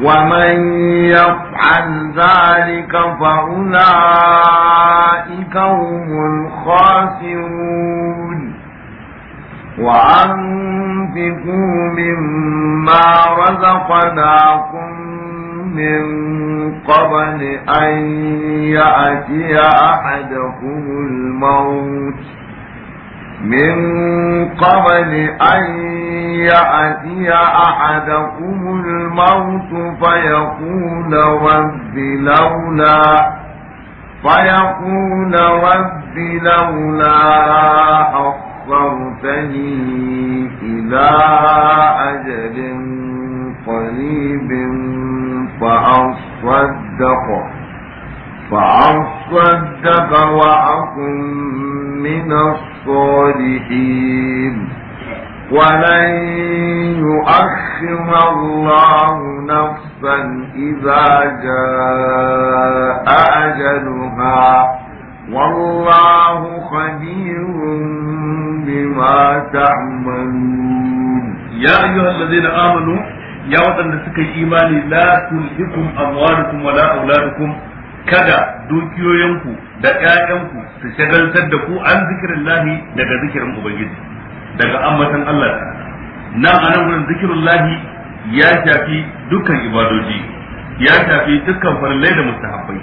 ومن يفعل ذلك فأولئك هم الخاسرون وأنفقوا مما رزقناكم من قبل أن يأتي أحدكم الموت من قبل أن يأتي أحدكم الموت فيقول رب لولا فيقول رب لولا أخرتني إلى أصدق فأن صدق وأكن من الصالحين ولن يؤخر الله نفسا إذا جاء أجلها والله خبير بما تعملون يا أيها الذين آمنوا ya waɗanda suka yi imani la tulhikum amwalukum wala auladukum kada dukiyoyinku da ƴaƴanku su shagaltar da ku an zikirin lahi daga zikirin ubangiji daga ambatan Allah na anan wurin zikirin lahi ya shafi dukkan ibadoji ya shafi dukkan farillai da mustahabbai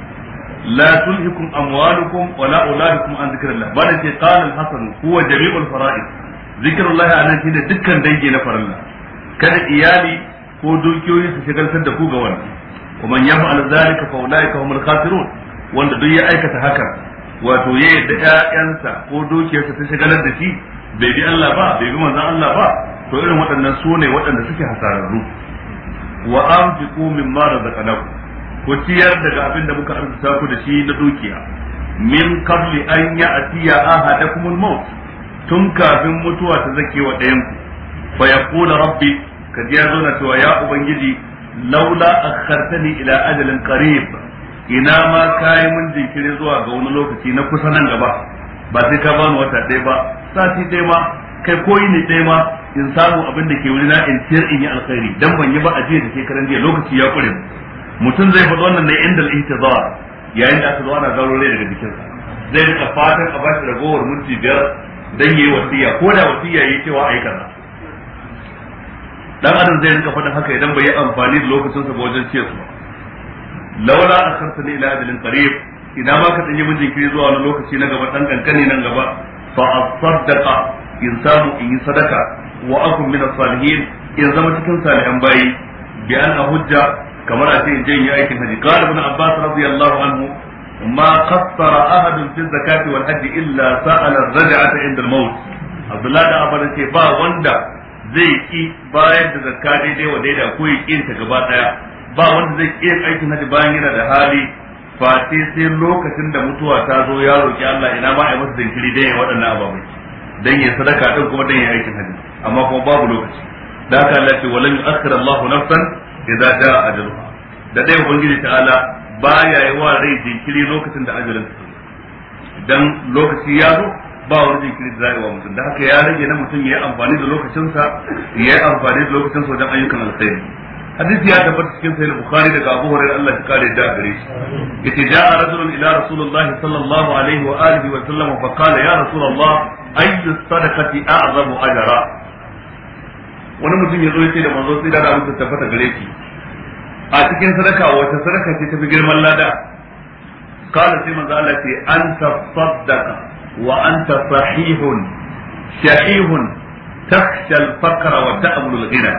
la tulhikum amwalukum wala auladukum an zikirin lahi bada ce qala al-hasan huwa jami'ul zikirin lahi anan shine dukkan dangi na farilla kada iyali ko dukiyoyi su shagaltar da ku ga wani kuma ya fa'al zalika fa ulaika humul khasirun wanda duk ya aikata haka wato ya yadda ƴaƴansa ko dukiyarsa ta shagalar da shi bai bi Allah ba bai bi manzon Allah ba to irin waɗannan su ne waɗanda suke hasararru wa anfiqu mimma razaqnakum ku ciyar daga abin da muka arzuta ku da shi na dukiya min qabli an ya'tiya ahadakumul maut tun kafin mutuwa ta zake wa ɗayan ku fa yaqulu rabbi kaji ya zauna cewa ya ubangiji laula akhartani ila ajalin qarib ina ma kai mun jinkiri zuwa ga wani lokaci na kusa nan gaba ba sai ka bani wata ɗaya ba sati ɗaya ma kai koyi ne ɗaya ma in samu abin da ke wuri na in ciyar in yi alkhairi dan ban yi ba a jiya da shekaran jiya lokaci ya kure mutum zai faɗi wannan ne inda al zawa. yayin da aka zo ana zaro rai daga jikinsa zai rika fatan a bashi ragowar minti biyar dan yayi wasiya ko da wasiya yayi cewa aikata kaza dan adam zai rinka faɗin haka idan bai yi amfani da lokacin sa wajen ciyar su laula akhartani ila ajalin qarib idan ba ka tsaye mun jinkiri zuwa wani lokaci na gaba dan kankani nan gaba fa asaddaqa in samu in yi sadaka wa akun min salihin in zama cikin salihan bayi bi an hujja kamar a ce in je yi aikin haji qala ibn abbas radiyallahu anhu ma qassara ahadun fi zakati wal hajji illa sa'ala ar-raj'ata inda al-maut abdullahi da abadan ce ba wanda zai ki bayan da zakka dai wa daida ko ya kin ta gaba daya ba wanda zai ki aikin haji bayan yana da hali fa sai lokacin da mutuwa ta zo ya roki Allah ina ma ai masa jinkiri dai ya waɗannan ababai dan ya sadaka din kuma dan ya aikin haji amma kuma babu lokaci da haka Allah ce walan yu'akhkhira Allahu nafsan idza jaa ajaluha da dai ubangiji ta'ala baya yi wa rai jinkiri lokacin da ajalin su dan lokaci ya zo ba wani jinkiri da za'a yi wa mutum da haka ya rage na mutum ya yi amfani da lokacinsa ya yi amfani da lokacinsa wajen ayyukan alkhairi hadisi ya tabbata cikin sahih bukhari daga abu hurairah Allah ya kare da gare shi yace ja'a rajulun ila rasulullah sallallahu alaihi wa alihi wa sallam fa qala ya rasulullah ayyu sadaqati a'zamu ajra wani mutum ya zo yace da manzo sai da abu tabbata gare shi a cikin sadaka wata sadaka ce ta fi girman lada qala sai manzo Allah ce anta saddaqa وأنت sahihun, شحيح تخشى الفقر وتأمل الغنى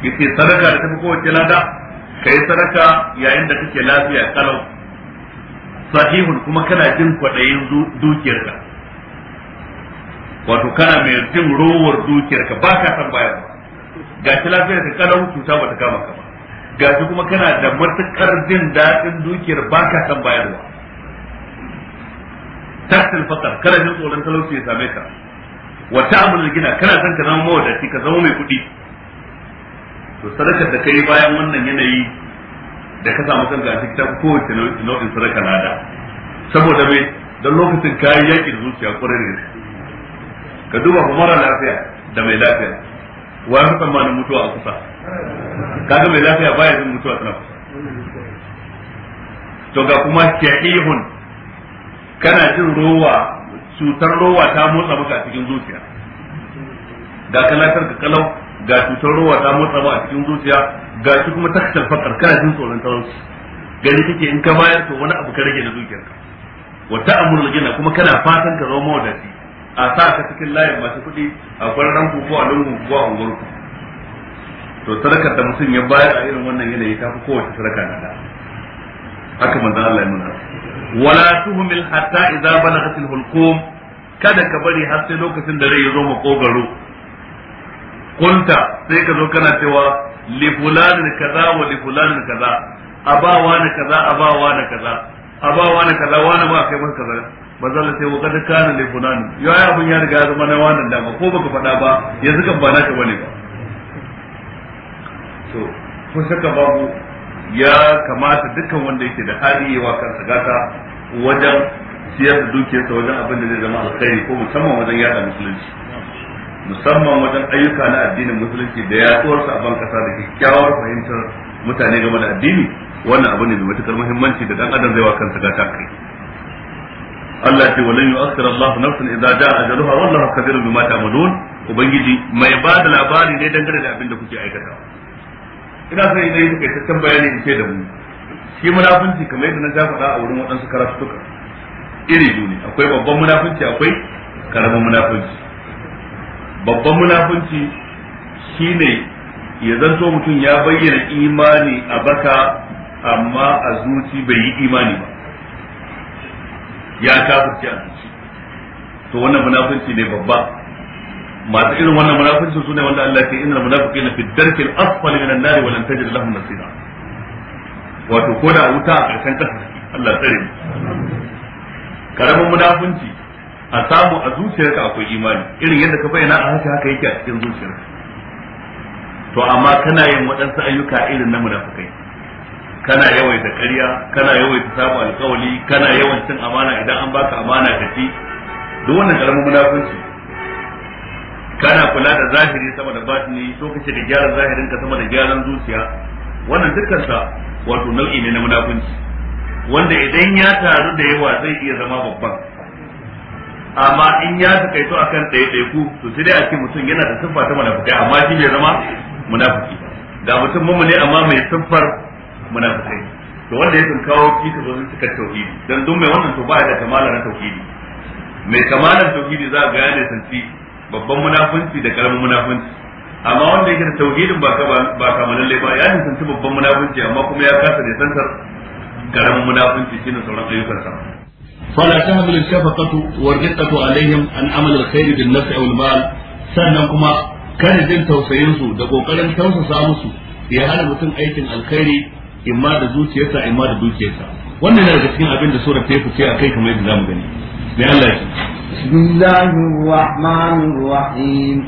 yace sadaka da tafi kowace lada kai sadaka yayin da kake lafiya kalau sahihun kuma kana jin kwaɗayin ka. wato kana mai jin rowar dukiyarka ba ka san bayar ga shi lafiyar ka kalau cuta ba ta kama ka ba ga shi kuma kana da matukar jin daɗin dukiyar ba ka san bayarwa tahsil fakar kana jin tsoron talauci ya same ka wa ta'amul gina kana son ka zama mawadaci ka zama mai kuɗi to sadaka da kai bayan wannan yanayi da ka samu kanka a cikin ta kowace nau'in sadaka na da saboda me don lokacin kayan yaƙi da zuciya ƙwarar ne ka duba ku mara lafiya da mai lafiya wa ya tsammanin mutuwa a kusa Ka ga mai lafiya baya jin mutuwa tana kusa to ga kuma shahihun kana jin rowa cutar rowa ta motsa maka a cikin zuciya ga kalatar ka kalau ga cutar rowa ta motsa maka a cikin zuciya ga shi kuma takshal fakar kana jin tsoron talauci gani take in ka bayar to wani abu ka rage na ka wa ta'amurul gina kuma kana fatan ka zama wadati a sa ka cikin layin masu kuɗi a kwararren ku ko a lungun ko a unguwar ku to sadakar da mutum ya bayar a irin wannan yanayi ta fi kowace sadaka na da haka manzan Allah ya nuna wala tuhmil hatta idza balaghat al-hulqum kada ka bari har sai lokacin da rai ya zo makogaro kunta sai ka zo kana cewa li fulan kaza wa li fulan kaza abawa na kaza abawa na kaza abawa na kaza wani ba kai masa kaza ba zalla sai wa kada kana li fulan yo ya abun ya riga ya zama na wannan da ba ko baka faɗa ba yanzu kan ba na ka bane ba to kun saka babu ya kamata dukkan wanda yake da hali yawa kansa gata wajen siyar da dukiyarsa wajen abin da zai zama alkhairi ko musamman wajen yada musulunci musamman wajen ayyuka na addinin musulunci da yaduwarsa a ban kasa da kyakkyawar fahimtar mutane game da addini wannan abu ne da matukar muhimmanci da dan adam zai wa kansa gata kai Allah ce walan yu'akhir Allah nafsan idza jaa ajaluha wallahu kabirun bima ta'malun ubangiji mai ba da labari ne dangane da abin da kuke aikatawa ina son idan yi takaitaccen bayani in ce da mu shi munafunci kamar yadda na ja faɗa a wurin waɗansu karatuka iri biyu ne akwai babban munafunci akwai karamin munafunci babban munafunci shine ya zanto mutum ya bayyana imani a baka amma a zuci bai yi imani ba ya kafirce a zuci to wannan munafunci ne babba masu irin wannan munafincin sune wanda Allah ke innal munafiqina fi darkil asfali minan nar wa lan tajid lahum nasira wato ko da wuta a karshen kasa Allah tsare mu karamin munafunci a samu a zuciyarka akwai imani irin yadda ka bayyana a haka haka yake a cikin zuciyarka to amma kana yin waɗansu ayyuka irin na munafukai kana yawaita ƙarya kana yawaita samu alƙawali kana yawan cin amana idan an baka amana ka ci duk wannan karamin munafunci kana kula da zahiri sama da batini so kace da gyaran zahirin ka sama da gyaran zuciya wannan dukkan sa wato nau'i ne na munafunci wanda idan ya taru da yawa zai iya zama babban amma in ya takaito akan ku to sai dai a ce mutum yana da siffa ta munafukai amma shi bai zama munafiki ga mutum ne amma mai siffar munafukai to wanda ya kawo kika zo suka tauhidi dan dun mai wannan to ba da kamala na tauhidi mai kamalan tauhidi za ga ya ne santi babban munafunci da karamin munafunci amma wanda yake da tauhidin ba ba kamalalle ba ya nisanci babban munafunci amma kuma ya kasa da santar karamin munafunci shine sauran ayyukansa فلا تهمل الشفقة والرقة عليهم عن عمل الخير بالنفع والمال sannan kuma kada jin tausayinsu da kokarin tausasa musu ya hana mutum aikin alkhairi imma da zuciyarsa imma da dukiyarsa wannan yana daga cikin abin da sura ta yi fice a kai kamar yadda zamu gani بسم الله الرحمن الرحيم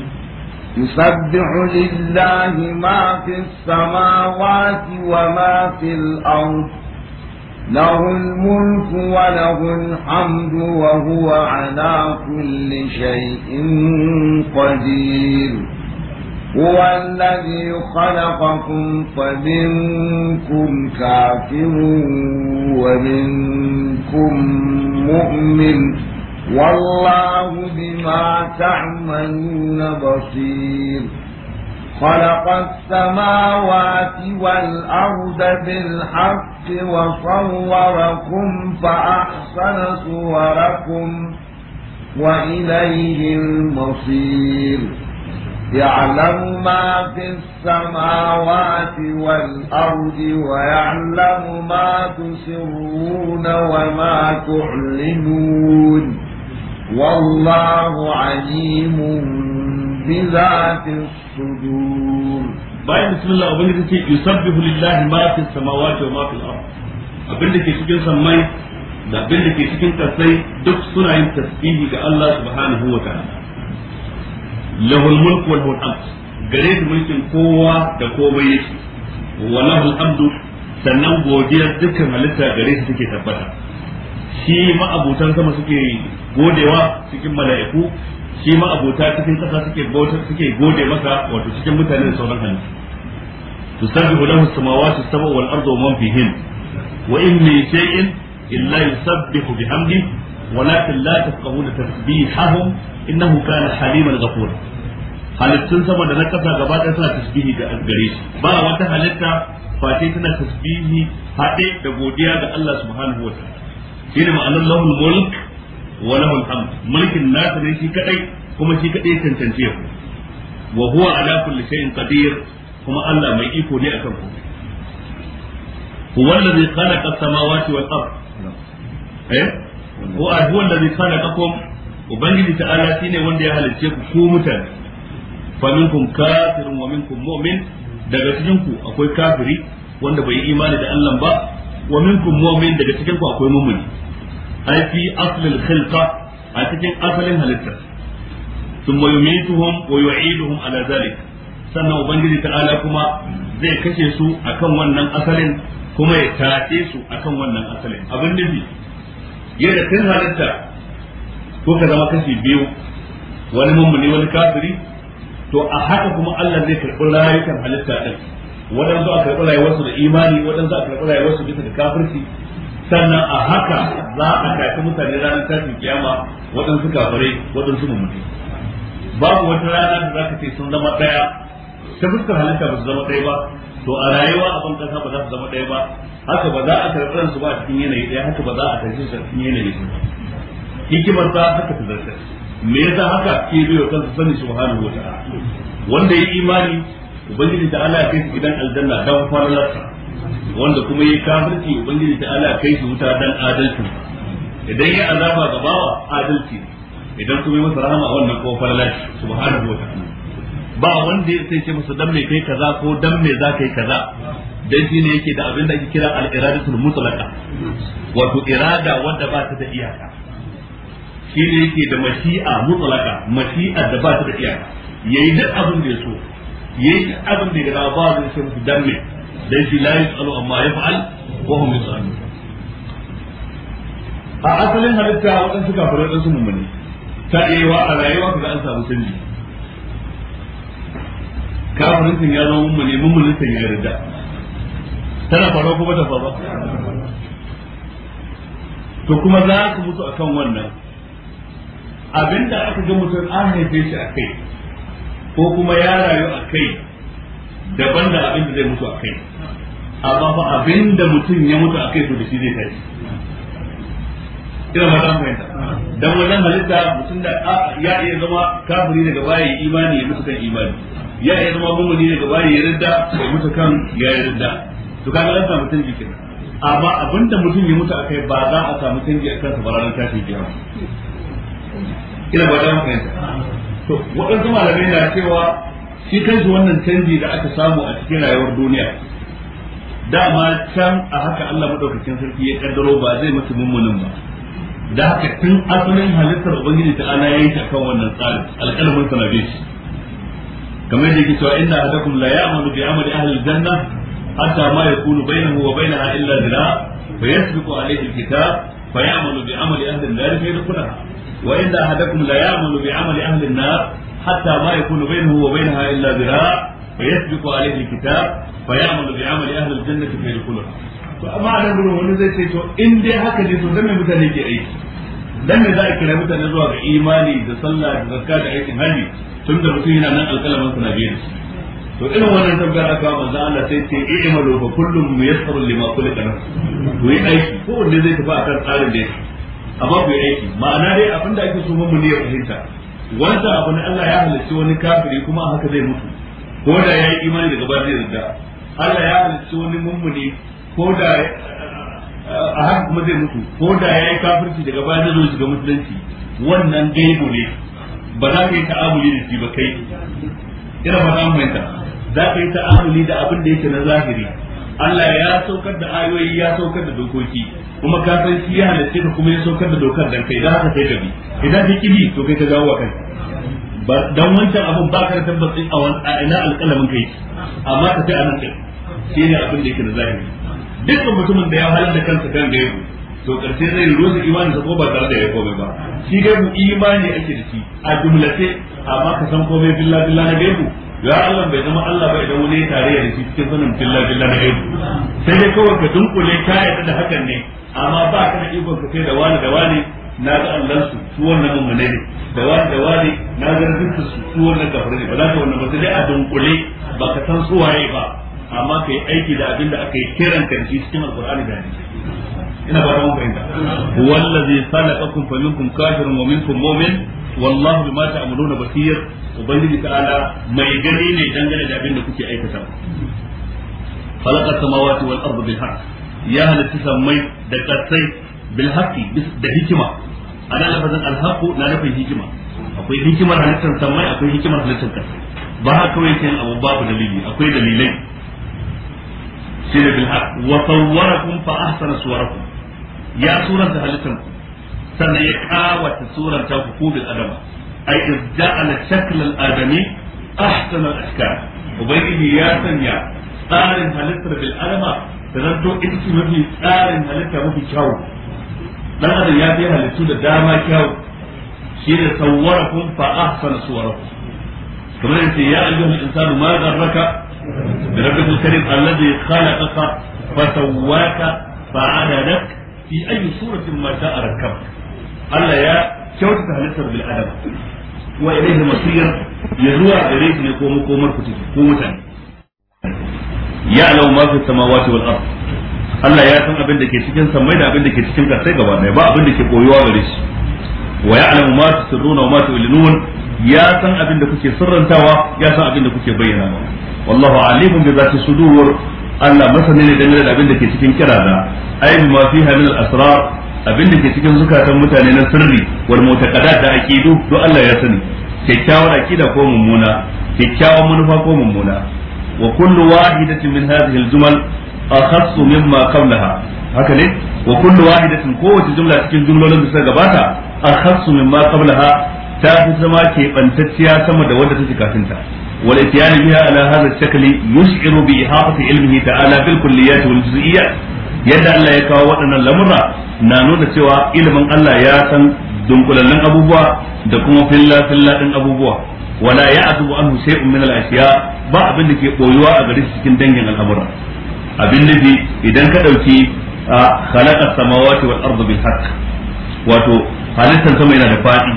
يسبح لله ما في السماوات وما في الأرض له الملك وله الحمد وهو على كل شيء قدير هو الذي خلقكم فمنكم كافر ومنكم مؤمن والله بما تعملون بصير خلق السماوات والأرض بالحق وصوركم فأحسن صوركم وإليه المصير يعلم ما في السماوات والأرض ويعلم ما تسرون وما تعلنون والله عليم بذات الصدور bayan bismillah abin da take yusabbihu lillahi ma fi wa ma fil ard abin da ke cikin sammai da abin da ke cikin duk suna yin tasbihi Allah subhanahu wa lahul mulku wal hamd gare shi mulkin kowa da komai yake wa sannan godiyar dukkan halitta gare shi take tabbata shi ma'abutan sama suke godewa cikin mala'iku shi ma'abuta cikin kasa suke bauta suke gode masa wato cikin mutanen sauran halittu tusabbihu lahu as-samawati as-sab'u wal ardu wa man fihin wa in min shay'in illa yusabbihu bihamdihi walakin la tafqahuna tasbihahum innahu kana haliman ghafura halittun sama da na kasa gaba ɗaya suna tasbihi ga gare shi ba wata halitta face tana tasbihi haɗe da godiya ga Allah subhanahu wataala shine ma'anar lahul mulk wa lahul hamd mulkin nasa ne shi kadai kuma shi kadai tantance ku wa huwa ala kulli shay'in qadir kuma Allah mai iko ne akan ku huwa allazi khalaqa as-samawati wal ard eh huwa huwa allazi khalaqakum ubangiji ta'ala shine wanda ya halicce ku ku mutane fa minkum kafirun wa minkum mu'min daga cikin ku akwai kafiri wanda bai yi imani da Allah ba wa minkum mu'min daga cikin ku akwai mu'mini ai fi aslil khilqa a cikin asalin halitta thumma yumituhum wa yu'iduhum ala zalik sannan ubangiji ta'ala kuma zai kashe su akan wannan asalin kuma ya tace su akan wannan asalin abin nufi yadda tun halitta ka zama kashi biyu wani mummuni wani kafiri to a haka kuma Allah zai karɓi rayukan halitta ɗin waɗansu a karɓi rayuwarsu da imani waɗansu a karɓi rayuwarsu bisa da kafirci sannan a haka za a kafi mutane ranar tashin kiyama waɗansu kafirai waɗansu mummuti babu wata rana da zaka ce sun zama ɗaya ta fuskar halitta ba su zama ɗaya ba to a rayuwa a ban kasa ba za su zama ɗaya ba haka ba za a karɓi ransu ba a cikin yanayi ɗaya haka ba za a karɓi su a cikin yanayi ɗaya hikimar ta haka ta zartar me yasa haka ke bai wa kansa sani subhanahu wata'ala wanda ya imani ubangiji ta ala kai su gidan aljanna dan farlarsa wanda kuma ya kafirci ubangiji ta ala kai su wuta dan adalci idan ya azaba ga bawa adalci idan kuma yi masa rahama wannan kuma farlarsa subhanahu wata'ala ba wanda ya sai ce masa dan me kai kaza ko dan me za ka yi kaza dan shine yake da abin da ake kira al-iradatul mutlaqa wato irada wanda ba ta da iyaka shi ne yake da mashi'a mutlaka mashi'a da ba ta da yayi duk abin da ya so yayi duk abin da ya ga ba zai san ku dan me dan shi lai yasalu amma ya fa'al wa hum yusallu a asalin halitta wadansu kafirai dan su mummuni ta ewa a rayuwa ga an samu canji kafirin sun ya zama mummuni mummunin sun ya rida tana faruwa kuma ta faruwa to kuma za ku mutu akan wannan abinda aka ga mutum an haife shi a kai ko kuma ya rayu a kai daban da abinda zai mutu a kai amma fa abinda mutum ya mutu a kai to da shi zai tashi ina ma zan fahimta dan wannan halitta mutum da ya iya zama kafiri daga baya ya imani ya mutu kan imani ya iya zama mumuni daga baya ya ridda ya mutu kan ya ridda to kaga an samu canji kenan amma abinda mutum ya mutu akai ba za a samu canji akan sa ba ranar tashin kiyama ina ba ta fahimta to waɗansu malamai na cewa shi kanshi wannan canji da aka samu a cikin rayuwar duniya dama can a haka Allah madaukakin sarki ya kaddaro ba zai mutu mummunin ba da haka tun asalin halittar ubangiji ta ana yayi akan wannan tsari. alƙalmin sa na shi kamar yadda yake cewa inna hadakum la ya'malu bi amali ahli janna? hatta ma yakunu bainahu wa bainaha illa zira fa yasbiqu alayhi alkitab fa ya'malu bi amali ahli an-nar fa yadkhulaha wa inna ahadakum la ya'malu bi amali ahli an-nar hatta ma yakunu bai na bainaha illa zira' fa yasbiqu alayhi al-kitab fa ya'malu bi amali ahli al-jannati fa yadkhuluha to wani zai ce to in dai haka ne to dan me mutane ke aiki dan za a kira mutane zuwa ga imani da sallah da zakka da aikin haji tun da mutum yana nan alƙalamin suna to irin wannan tambayar aka ba manzo Allah sai ce i'malu fa kullum muyassaru lima khuliqa lahu ku yi aiki ko wanda zai tafi akan tsarin da yake amma bai aiki ma'ana dai abin da ake so mu ne ya fahimta wanda abu ne Allah ya halicci wani kafiri kuma haka zai mutu ko da ya yi imani daga gaba zai rinda Allah ya halicci wani mummuni ko da a haka kuma zai mutu ko da ya yi kafirci daga baya zai zo shiga musulunci wannan gaibu ne ba za ka yi ta'amuli da shi ba kai ina ba ta za ka yi ta'amuli da abin da yake na zahiri Allah ya saukar da ayoyi ya saukar da dokoki kuma ka san shi ya halitta ka kuma ya saukar da dokar dan kai dan haka kai ka bi idan kai kibi to kai ka dawo kai ba dan wancan abun ba ka tabbata a wani a ina alƙalamin kai amma ka fi anan din shi ne abin da yake da zahiri dukkan mutumin da ya halar da kansa kan da yau to karshe zai rusa imani sa ko ba tare da ya kome ba shi dai mu imani ake da shi a jumlace amma ka san komai billah billah na gaibu ya Allah bai zama Allah bai da wani tarayya da shi cikin sanin billah billah na gaibu sai dai kawai ka dunkule ka da hakan ne amma ba ka da ikon ka sai da wani da wani na ga Allah su su wannan mummune ne da wani da wani na ga dukkan su su wannan kafir ne ba za ka wannan ba sai a dunkule ba ka san su waye ba amma kai aiki da abin da aka yi kiran ka shi cikin alqur'ani da hadisi ina ba ta mun fahimta wallazi khalaqakum fa minkum kafirun wa minkum mu'min wallahu bima ta'maluna basir ubangiji ta'ala mai gani ne dangane da abin da kuke aikata خلق السماوات والأرض بالحق ya halitta sammai da kasai bil haqqi da hikima ana lafazin al na nufin hikima akwai hikimar halittar sammai akwai hikimar halittar kasai ba haka kawai yin abu babu dalili akwai dalilai shi ne bil haqq wa sawwarakum fa ahsana suwarakum ya suranta halittar ku sannan ya kawata suranta ku ku bil adama ai izja'ala shakl al adami ahsana al ashkal ubangiji ya sanya tsarin halittar bil adama ta zanto ita ce mafi tsarin halitta mafi kyawu dan adam ya fi halittu da dama kyawu shi da sawwarakum fa ahsana suwarakum kamar yace ya ayyuhal insanu ma gharraka bi rabbikal karim alladhi khalaqaka fa sawwaka fa adadak fi ayi suratin ma sha'a rakkab Allah ya kyautata halittar bil adam wa ilayhi masir ya zuwa gare shi ne ko makomar ku ko mutane ya'lamu ma fi samawati wal ard Allah ya san abin da ke cikin samai da abin da ke cikin ƙasa gaba ɗaya ba abin da ke koyuwa gare shi wa ya ya'lamu ma tusirruna wa ma tu'linun ya san abin da kuke sirrantawa ya san abin da kuke bayyana ma wallahu alimun bi zati sudur Allah masani ne dangane da abin da ke cikin kirada ayyun ma fiha min al-asrar abin da ke cikin zukatan mutane na sirri wal mutaqadat da aqidu duk Allah ya sani kyakkyawar akida ko mummuna kyakkyawar manufa ko mummuna وكل واحدة من هذه الجمل أخص مما قبلها هكذا وكل واحدة قوة جملة تكون جملة لسا أخص مما قبلها تاخذ زما keɓantacciya sama da ta take kafinta wal itiyani cakali ala hadha shakli yush'iru bi ihafati ilmihi ta'ala bil kulliyat wal yadda Allah ya kawo waɗannan lamura na nuna cewa ilimin Allah ya san dunkulallen abubuwa da kuma filla filla abubuwa wala ya'zubu anhu shay'un min al-ashiya ba abin da ke koyuwa a gare cikin dangin al'amura abin nufi idan ka ɗauki dauki khalaqa samawati wal ardi bil haqq wato halittar sama yana da fadi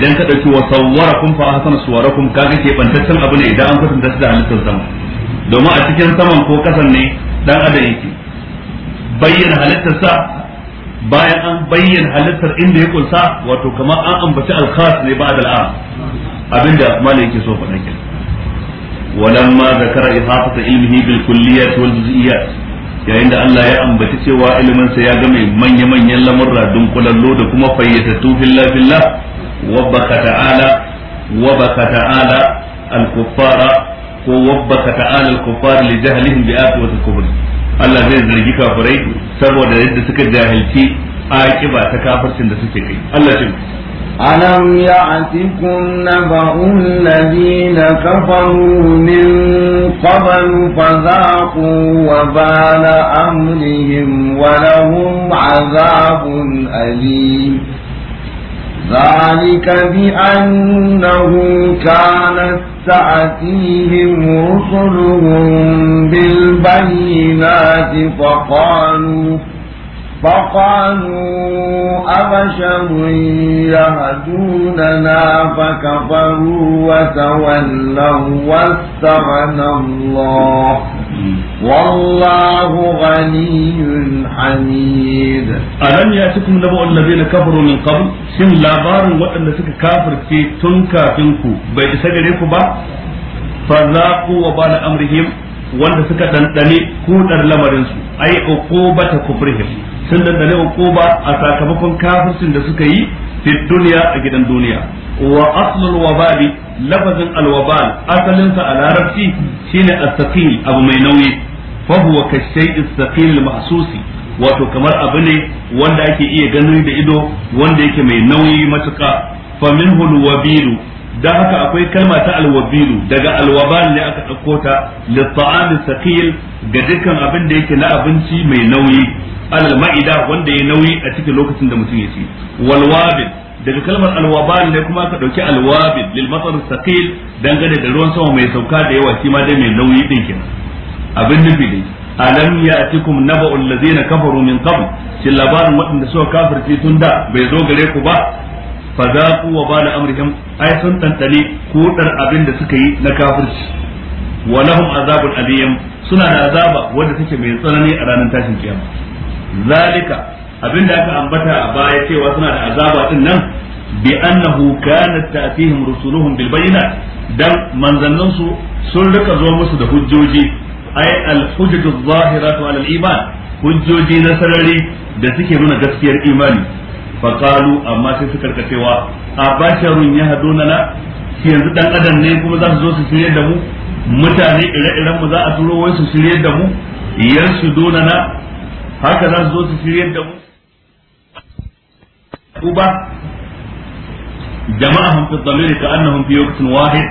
idan ka dauki wa sawwarakum fa ahsana suwarakum kaga ke bantaccen abu ne idan an kwatanta shi da halittar sama domin a cikin saman ko kasan ne dan adam yake bayyana halittar sa bayan an bayyana halittar inda ya kunsa wato kamar an ambaci al-khas ne ba'da al-am abinda mala yake so faɗa kenan walamma zakara ihafata ilmihi bil kulliyat wal juz'iyat yayin da Allah ya ambaci cewa ilimin sa ya ga mai manya-manyan lamurra dunkulallo da kuma fayyatattu fillah fillah wabbaka ta'ala wabbaka ta'ala al-kuffara ko wabbaka ta'ala al-kuffara li jahlihim bi aqwati Allah zai zargi kafirai saboda yadda suka jahilci aqiba ta kafircin da suke kai Allah ألم يأتكم نبأ الذين كفروا من قبل فذاقوا وبال أمرهم ولهم عذاب أليم ذلك بأنه كانت تأتيهم رسلهم بالبينات فقالوا فقالوا أبشر يهدوننا فكفروا وتولوا واستغنى الله والله غني حميد ألم يأتكم نبأ الذين كفروا من قبل سن لابار وأن سك كافر في تنكا فينكو بيتسجريكو با فذاقوا وبال أمرهم وأن سك دندني كودر لمرنسو أي أقوبة كفرهم sun dandane uquba a sakamakon kafircin da suka yi fi duniya a gidan duniya wa aslul wabali lafazin alwabal asalinsa a larabci shine as-saqil abu mai nauyi fa huwa kashay'i as-saqil mahsusi wato kamar abu ne wanda ake iya ganin da ido wanda yake mai nauyi matuka fa minhu al-wabilu da haka akwai kalma ta alwabilu daga alwabal ne aka ɗauko ta litta'am Sakil, ga dukkan abin da yake na abinci mai nauyi alal ma'ida wanda ya nauyi a cikin lokacin da mutum ya ci walwabil daga kalmar alwabal ne kuma aka ɗauki alwabil lil Matsar saqil dangane da ruwan sama mai sauka da yawa shi ma dai mai nauyi din kenan abin nufi dai alam ya'tikum naba'ul ladzina kafaru min qabl shi labarin waɗanda suka kafirci tun da bai zo gare ku ba fa zaqu wa bala amrihim ay sun tantane kudar abin da suka yi na kafirci wa lahum azabun aliyam suna da azaba wanda take mai tsanani a ranar tashin kiyama zalika abin da aka ambata a baya cewa suna da azaba din nan bi annahu kanat ta'tihim rusuluhum bil bayyinat dan manzannin su sun rika zo musu da hujjoji ay al hujjatu adh-dhahiratu 'ala al-iman hujjoji na sarari da suke nuna gaskiyar imani faqalu amma sai suka karkacewa ya hado na shi yanzu dan adam ne kuma za su zo su shirye da mu mutane ire-iren mu za a turo wai su shirye da mu yansu dona na haka za su zo su shirye da mu uba jama'ahum fi dhamiri ka annahum fi waqtin wahid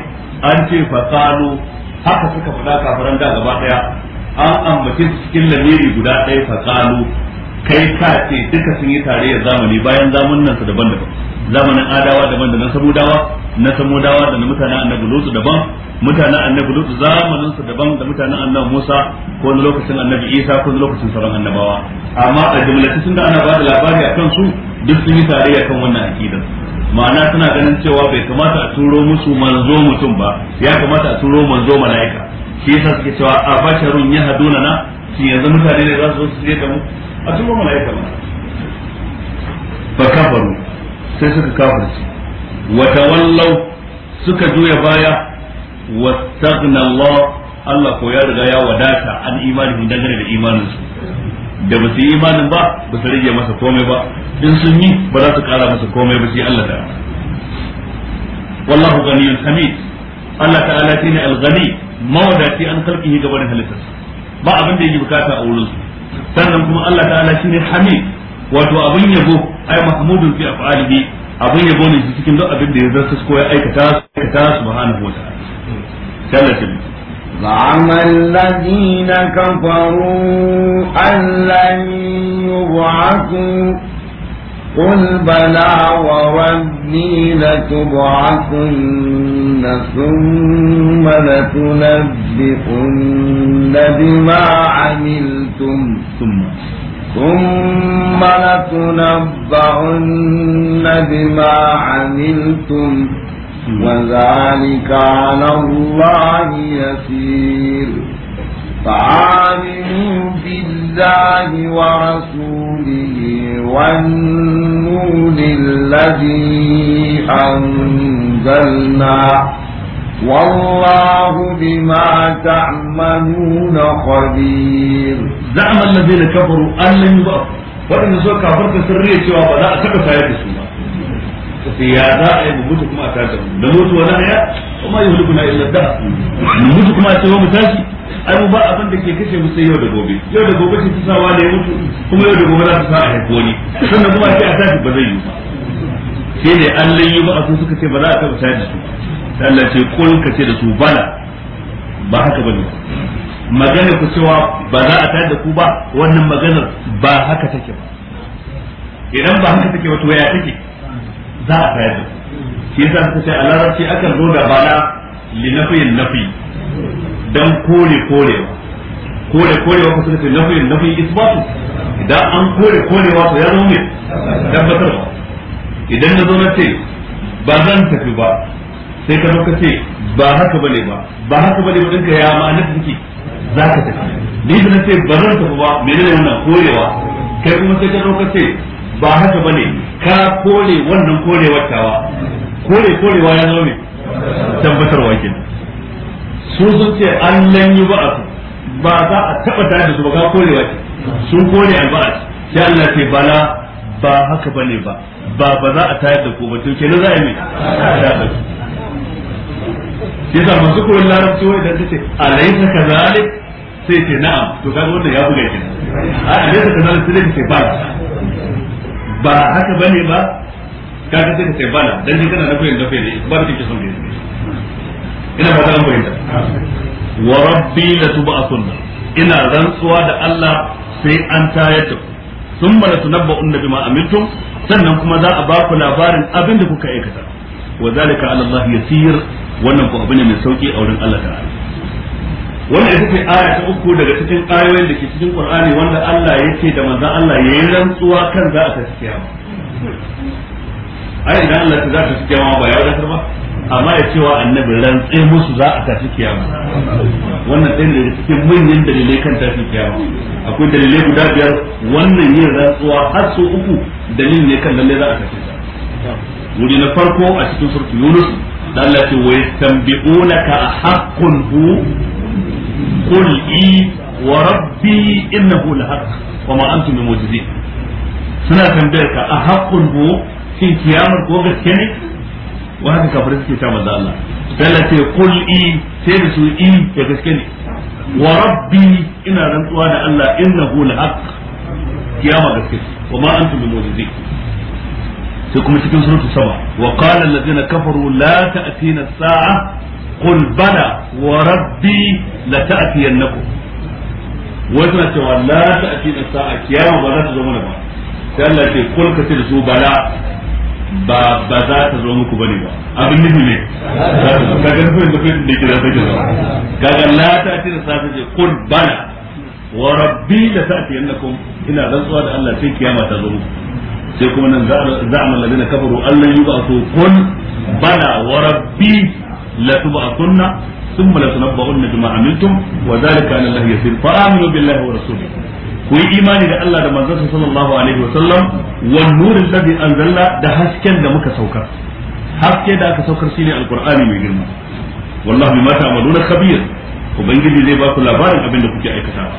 an ce faqalu haka suka faɗa kafiran da gaba daya an ambace su cikin lamiri guda ɗaya faqalu kai ka ce duka sun yi tarayyar zamani bayan zamanin su daban-daban zamanin adawa daban da na samudawa na samudawa da na mutanen annabi lutsu daban mutanen annabi lutsu zamanin su daban da mutanen annabi musa ko na lokacin annabi isa ko na lokacin sauran annabawa amma a sun da ana ba da labari kan su duk sun yi tarayya kan wannan akidar ma'ana suna ganin cewa bai kamata a turo musu manzo mutum ba ya kamata a turo manzo mala'ika shi yasa suke cewa a basharun yahduna na shi yanzu mutane ne za su zo su je da mu a cikin mala'ika ba kafaru sai suka kafirci wata wallau suka juya baya wastaghna Allah Allah ko ya riga ya wadata an imani dangane da imanin su da ba su yi imanin ba ba su rage masa komai ba in sun yi ba za su kara masa komai ba sai Allah ta wallahu ghaniyyun hamid Allah ta'ala shine al-ghani mawadaci an kalkihi gaban halittarsa ba abin da yake bukata a wurin su sannan kuma Allah ta'ala ne hamid wato abin yabo ai mahmudun fi af'alihi abin yabo ne cikin duk abin da ya zarta ko ya aikata aikata subhanahu wa ta'ala sallallahu زعم الذين كفروا أن لن يبعثوا قل بلى وربي لتبعثن ثم لتنبئن بما عملتم ثم ثم لتنبئن بما عملتم وذلك على الله يسير فآمنوا بالله ورسوله والنور الذي أنزلنا والله بما تعملون خبير زعم الذين كفروا أن لم يبقوا وإن سوى كفرت سرية سوى فلا أتكفى يد kace ya za a yi mu mutu kuma a tashi da mutu wani haya kuma yi hulukuna illa da mu mutu kuma a cewa mu tashi ai mu ba abin da ke kashe mu sai yau da gobe yau da gobe ce tsawa da ya mutu kuma yau da gobe za ta sa a haifi wani sannan kuma sai a tashi ba zai yi ba sai da an layi ba a su suka ce ba za a taɓa tashi su sai Allah ce kul ka ce da su bala ba haka bane magana ku cewa ba za a tashi da ku ba wannan maganar ba haka take ba idan ba haka take ba to ya take za a fayar da shi yasa suka ce a larabci akan zo da bala li nafiyin nafi dan kore korewa kore korewa ko suka ce nafiyin nafi isbatu idan an kore korewa to ya zama mai tabbatarwa idan na zo na ce ba zan tafi ba sai ka ka ce ba haka bane ba ba haka bane ba dinka ya ma'ana take za ka tafi ni da na ce ba zan tafi ba menene wannan korewa kai kuma sai ka ka ce ba haka bane ka kore wannan kore tawa kore korewa ya zama ne tabbatarwa Sun su sun ce nan yi ba ba za a taba da su ba ka korewa ce sun kore alba'a sai Allah ce bala ba haka bane ba ba ba za a tayar da ku ba to kenan za a yi mai sa masu kurin larabci wai idan kace alaysa kazalik sai ce na'am to kaga wanda ya buga kenan a alaysa kazalik sai ce ba ba haka bane ba ka ga sai sai bala dan ne kana nufin da fere ba kike son da ina ba zan koyi wa rabbi latub'athunna ina rantsuwa da Allah sai an tayar da ku thumma bima amintum sannan kuma za a ba ku labarin abin da kuka aikata wa zalika ala Allah yasir wannan ku abu ne mai sauki a wurin Allah ta'ala wannan ita ce aya ta uku daga cikin ayoyin da ke cikin Qur'ani wanda Allah ya ce da manzon Allah ya yi rantsuwa kan za a tafi kiyama ai idan Allah ta za ta tafi kiyama ba ya wadatar ba amma ya cewa annabi rantsi musu za a tafi kiyama wannan ɗaya daga cikin manyan dalilai kan tafi kiyama akwai dalilai guda biyar wannan yin rantsuwa har su uku dalil ne kan lalle za a tafi wuri na farko a cikin surtu yunus da Allah ce wa yastanbi'unaka haqqun hu qul i wa rabbi innahu lahaq wa ma antum bimujizin suna tambayar ka a haqqun bu shin kiyamar gaske ne wa haka kafirai suke ta manzo Allah dalla ce da su i gaske ne wa ina rantsuwa da Allah innahu lahaq kiyama gaske cikin suratul saba wa qala allazina kafaru la saa qul bala wa rabbi la ta'tiyannakum a suna cewa ba za ta zo mana ba sai Allah ce kul su bala ba za ta zo muku bane ba abin nufi ne ka ga nufin da kai da kira take zo kaga la ta'tina sa'a ce qul bala wa rabbi ina da Allah sai kiyama ta sai kuma kun la a thumma la tunabba'unna bima amiltum wa dhalika ala allahi yasir fa aminu billahi wa rasulihi ku yi imani da Allah da manzansa sallallahu alaihi wa sallam wan nuril ladhi anzalna da hasken da muka saukar haske da aka saukar shi shine alqur'ani mai girma wallahi ma ta'maluna khabir ubangiji zai ba ku labarin abin da kuke aikatawa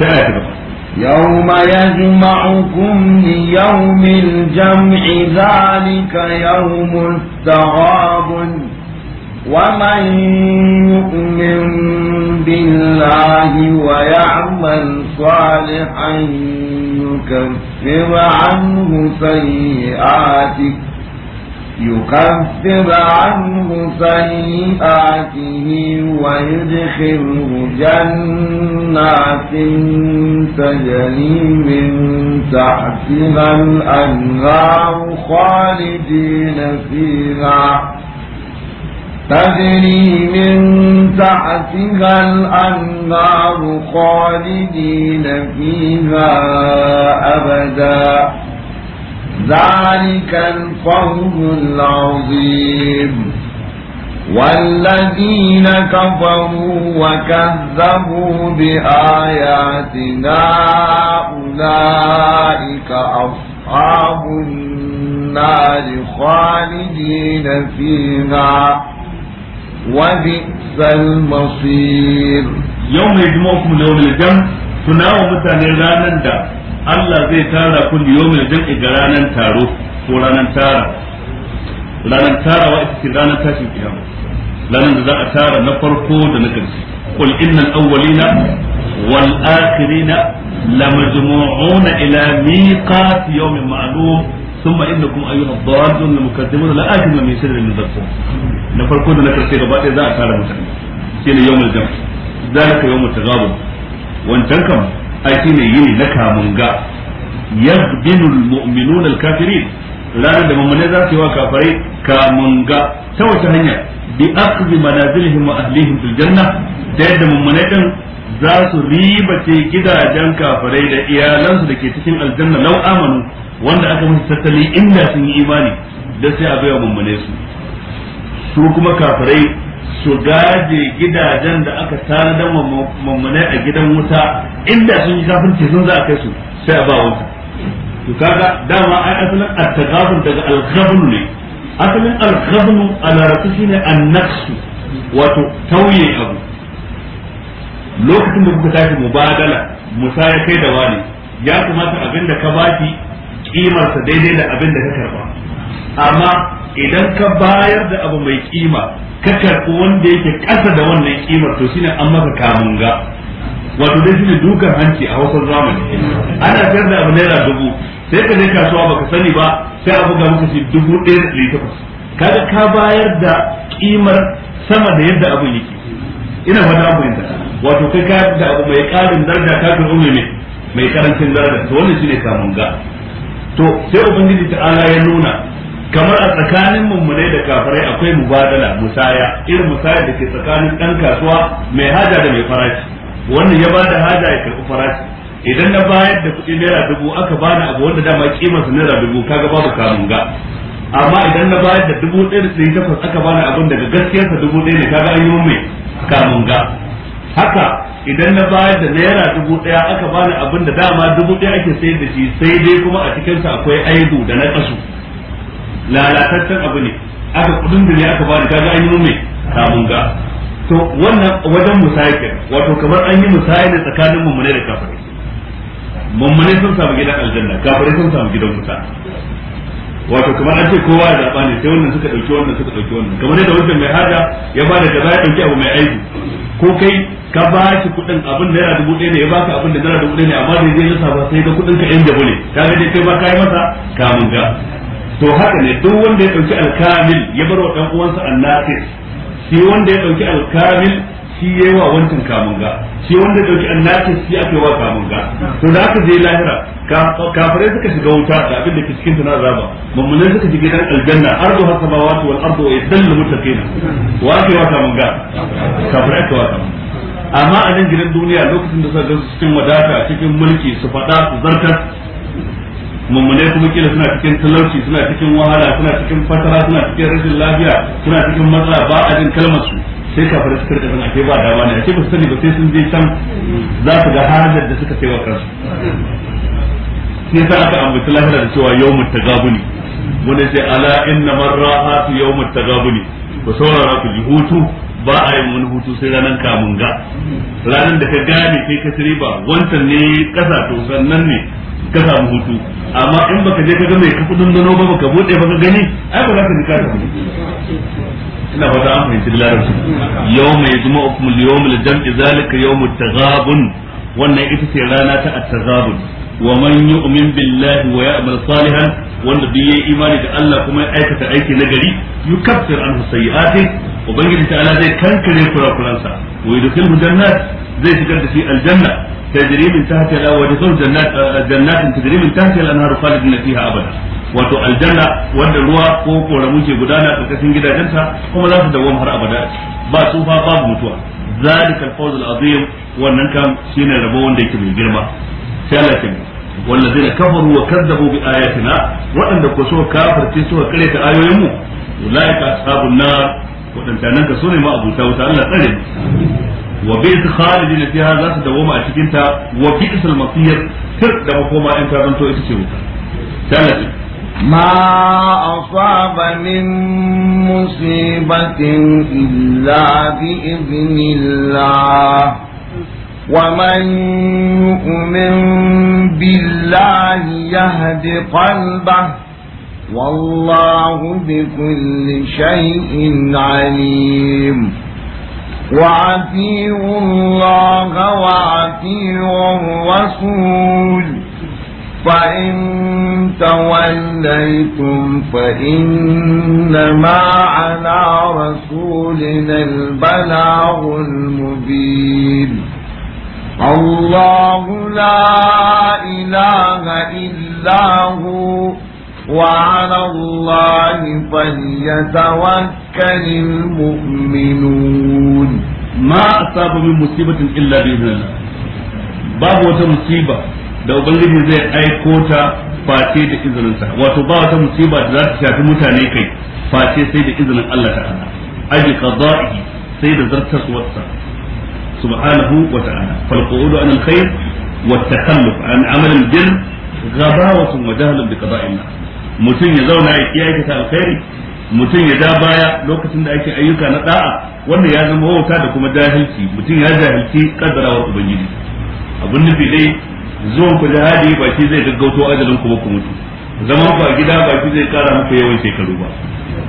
sai aya ta jam'i يوم يجمعكم ليوم الجمع ذلك يوم التغابن ومن يؤمن بالله ويعمل صالحا يكفر عنه سيئاته يكفر عنه سيئاته ويدخله جنات تجري من تحتها الأنهار خالدين فيها تجري من تحتها الأنهار خالدين فيها أبدا ذلك الفوز العظيم والذين كفروا وكذبوا بآياتنا أولئك أصحاب النار خالدين فيها وبئس المصير يوم يجمعكم ليوم الجمع تناو متاني رانا دا Allah zai tara ku yau mai jam'i ga ranar taro ko ranar tara ranar tarawa ita ce ranar tashin kiyama ranar da za a tara na farko da na ƙarshe qul innal awwalina wal ila ثم انكم ايها الضالون المكذبون لا اكل من شر من ذكر na farko da na karshe gaba ɗaya za a tara mutane shine yawmul jam zalika wancan kam ai shine yini na kamun ga yabdinul mu'minuna al-kafirin ranar da mummune za yi wa kafirai kamun ga ta wata hanya bi akhdhi manazilihim wa ahlihim fil janna da yadda mummune din za su ribace gidajen kafirai da iyalansu da ke cikin aljanna lau amanu wanda aka musu tattali inda sun yi imani da sai a baiwa mummune su su kuma kafirai su gaje gidajen da aka tara da mummune a gidan wuta inda sun yi kafirci sun za a kai su sai a ba wuta to kaga dama ai asalin at-tagabun daga al-ghabn ne asalin al-ghabn ala rasu shine an nafsu wato tauye abu lokacin da kuka tashi mubadala ya kai da wani ya kamata abin da ka baki kimarsa daidai da abin da ka karba amma idan ka bayar da abu mai kima ka karbi wanda yake kasa da wannan kimar to shine an maka kamun ga wato dai shine dukan hanci a wasan zamani ana sayar da abu naira dubu sai ka je kasuwa baka sani ba sai abu ga maka shi dubu ɗaya da ɗari takwas kaga ka bayar da kimar sama da yadda abu yake ina fata abu yadda wato kai ka da abu mai ƙarin darda ka karbi mai mai karancin darda to wannan shine kamun ga to sai ubangiji ta'ala ya nuna kamar a tsakanin mummunai da kafirai akwai mubadala musaya irin musaya da ke tsakanin ɗan kasuwa mai haja da mai farashi wannan ya bada haja ya karɓi farashi idan na bayar da kuɗi naira dubu aka bani abu wanda dama kima su naira dubu kaga babu kamunga amma idan na bayar da dubu ɗaya da ɗari takwas aka bani abin daga gaskiyarsa dubu ɗaya ne kaga an yi mai ga haka idan na bayar da naira dubu daya aka bani abin da dama dubu daya ake sayar da shi sai dai kuma a cikinsa akwai aibu da na kasu lalataccen abu ne aka kudin da ne aka bani kaga an yi mai samun ga to wannan wajen musayikin wato kamar an yi musayar da tsakanin mummune da kafirai mummune sun samu gidan aljanna kafare sun samu gidan wuta wato kamar an ce kowa ya zaɓa ne sai wannan suka ɗauki wannan suka ɗauki wannan kamar yadda wancan mai haja ya ba da kaza ya ɗauki abu mai aiki ko kai ka ba shi kuɗin abin naira dubu ɗaya ne ya ba ka abin da naira dubu ɗaya ne amma da zai rasa ba sai ga kuɗin ka ɗan jabo ne ka ga kai ba ka yi masa mun ga to haka ne duk wanda ya ɗauki alkamil ya bar wa ɗan uwansa annasir shi wanda ya ɗauki alkamil shi yayi wa wancan kamun ga shi wanda dauki annaki shi aka wa kamun ga to da aka je lahira kafirai suka shiga wuta da abin da ke cikin tana zaba mummunan suka shiga gidan aljanna ardu hasamawati wal ardu wa yadallu muttaqina wa aka wa kamun ga kafirai ka wa kamun amma a nan gidan duniya lokacin da suka ga cikin wadata cikin mulki su faɗa su zartar mummunai kuma kila suna cikin talauci suna cikin wahala suna cikin fatara suna cikin rashin lafiya suna cikin matsala ba a jin kalmar su sai kafin suka rika san ake ba dama ne a ba su sani ba sai sun je can za su ga hajar da suka kai wa kansu sai sa aka ambaci lahira da cewa yawmut tagabuni wanda sai ala inna marrahatu yawmut tagabuni ba saurara ku ji hutu ba a yin wani hutu sai ranar kamun ga ranar da ka gane kai ka ba wancan ne kasa to sannan ne ka samu hutu amma in baka je ka ga mai kafin dano ba buɗe ba ka gani ai ba za ka ji ka ina fata an fahimci da larabci yawma yajma'ukum al-yawmal jam'i zalika yawmut taghabun wannan ita ce rana ta at-taghabun wa man umin billahi wa ya'mal salihan wanda duk yayi imani da Allah kuma ya aikata aiki na gari yukaffir anhu sayyi'ati ubangiji ta'ala zai kankare kurakuransa wa yudkhilhu jannat zai shigar da shi aljanna tajri tahtiha al-anhar jannat jannatin tajri min tahtiha al-anhar khalidina fiha abada wato aljanna wanda ruwa ko koramu ke gudana karkashin gidajensa kuma za su dawwama har abada ba tsufa babu mutuwa ذلك الفوز العظيم wannan kan shine rabo wanda yake mai girma sai Allah ke wallazina kafaru wa kadzabu bi ayatina waɗanda ko so kafirce suka kare ta ayoyin mu ulaika ashabun nar waɗanda nan ka so ne ma abuta wuta Allah tsare wa bi khalidin fiha za su a cikin ta wa bi da makoma ita ce ما أصاب من مصيبة إلا بإذن الله ومن يؤمن بالله يهد قلبه والله بكل شيء عليم وعتيوا الله وعتيوا الرسول فإن توليتم فإنما على رسولنا البلاغ المبين الله لا إله إلا هو وعلى الله فليتوكل المؤمنون ما أصاب من مصيبة إلا بإذن الله باب وتمصيبة da ubangiji zai aiko ta face da izininsa wato ba wata musiba da za ta shafi mutane kai face sai da izinin Allah ta'ala aji qada'i sai da zartaswarsa subhanahu wa ta'ala fal qu'udu an al-khair wa at-takhalluf an amal al-jinn ghabawatun wa jahlun bi qada'i mutum ya zauna ya kiyaye ta alkhairi mutum ya da baya lokacin da ake ayyuka na da'a wanda ya zama wauta da kuma jahilci mutum ya jahilci kaddarawar ubangiji abun nufi dai zuwan ku jihadi ba shi zai gaggauto ajalin ku ba ku mutu zaman ku a gida ba shi zai kara muku yawan shekaru ba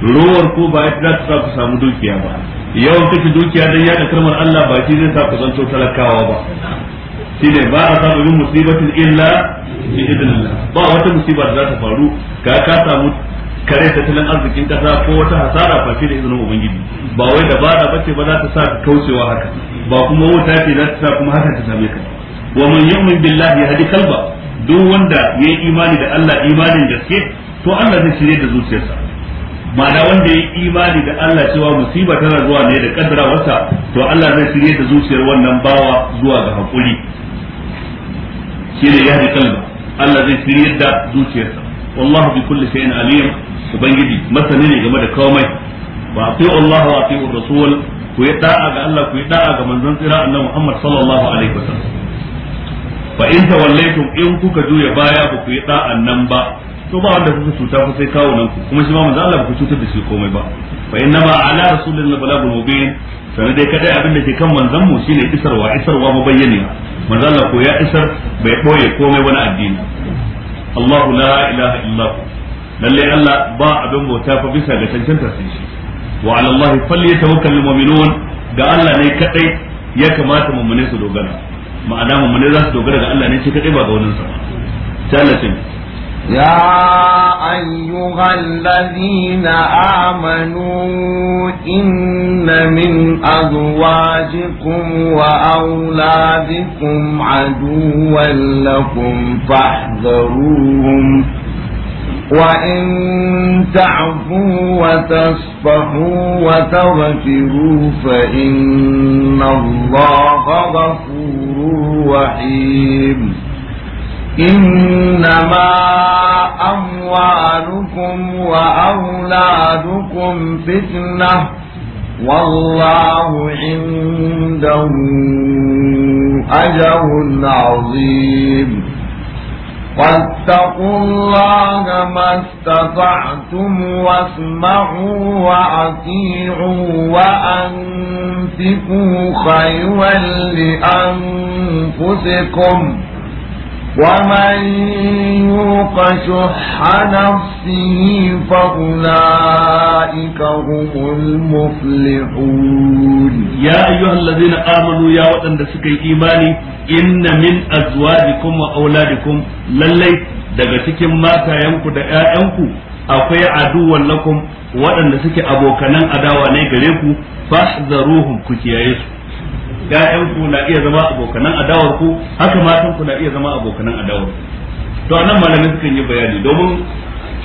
ruwar ku ba za ta sa ku samu dukiya ba yawan kake dukiya dan yaɗa kalmar Allah ba shi zai sa ku zanto talakawa ba ne ba a samu yin musibatin illa bi ba wata musiba da za ta faru ka ka samu kare tattalin arzikin kasa ko wata hasara face da izinin ubangiji ba wai dabara bace ba za ta sa ka kaucewa haka ba kuma wuta ce za ta sa kuma haka ta same ka wa man yu'min billahi yahdi qalba duk wanda yayi imani da Allah imanin gaske to Allah zai shirye da zuciyarsa ma'ana wanda yi imani da Allah cewa musiba tana zuwa ne da kaddarawarsa to Allah zai shirye da zuciyar wannan bawa zuwa ga hakuri shine yahdi qalba Allah zai shirye da zuciyarsa wallahu bi kulli shay'in alim ubangiji masani ne game da komai wa ati'u Allah wa ati'u rasul ku yi da'a ga Allah ku yi da'a ga manzon tsira annabi Muhammad sallallahu alaihi wasallam fa in tawallaytum in kuka juya baya ba ku yi da'an nan ba to ba wanda kuka cuta ku sai kawo nan ku kuma shi ma manzo Allah ku cutar da shi komai ba fa inna ma ala rasulillahi balagul mubin sanan dai kaɗai abin da ke kan manzon mu shine isarwa isarwa mabayyani manzo Allah ko ya isar bai boye komai wani addini Allahu la ilaha illa hu lalle Allah ba abin bauta fa bisa ga cancanta sai shi wa ala Allah falyatawakkalul mu'minun ga Allah ne kadai ya kamata mu'mine su dogara ma'ana ne za su dogara ga Allah ne shi kadai ba ga wani sa talatin يا أيها الذين آمنوا إن من أزواجكم وأولادكم عدوا لكم فاحذروهم وإن تعفوا وتصفحوا وتغفروا فإن الله غفور رحيم إنما أموالكم وأولادكم فتنة والله عنده أجر عظيم فاتقوا الله ما استطعتم واسمعوا وأطيعوا وأنفقوا خيرا لأنفسكم ومن يوق شح نفسه فأولئك هم المفلحون يا أيها الذين آمنوا يا وطن دسكي إيماني إن من أزواجكم وأولادكم للي دغتكم ما تيمكو دعائنكو akwai aduwan lakum waɗanda suke abokanan adawa ne gare ku fahzaruhum ku kiyaye su ku na iya zama abokanan adawar ku haka matan ku na iya zama abokanan adawar to anan malamin sukan yi bayani domin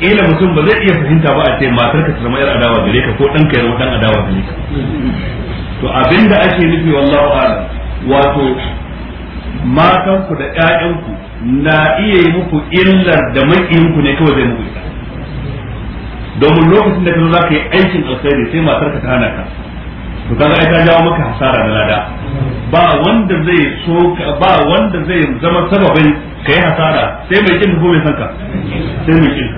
kila mutum ba zai iya fahimta ba a ce matar ka ta zama yar adawa gare ka ko ɗan ka ya zama ɗan adawa gare ka to abinda ake nufi wallahu a'lam wato matan ku da ƴaƴan ku na iya yi muku illar da makiyin ku ne kawai zai muku domin lokacin da ka zo za ka yi aikin alkhairi sai matar ka ta hana ka to kaga ai ta jawo maka hasara da lada ba wanda zai so ba wanda zai zama sababin kai hasara sai mai kin ko mai sanka sai mai kin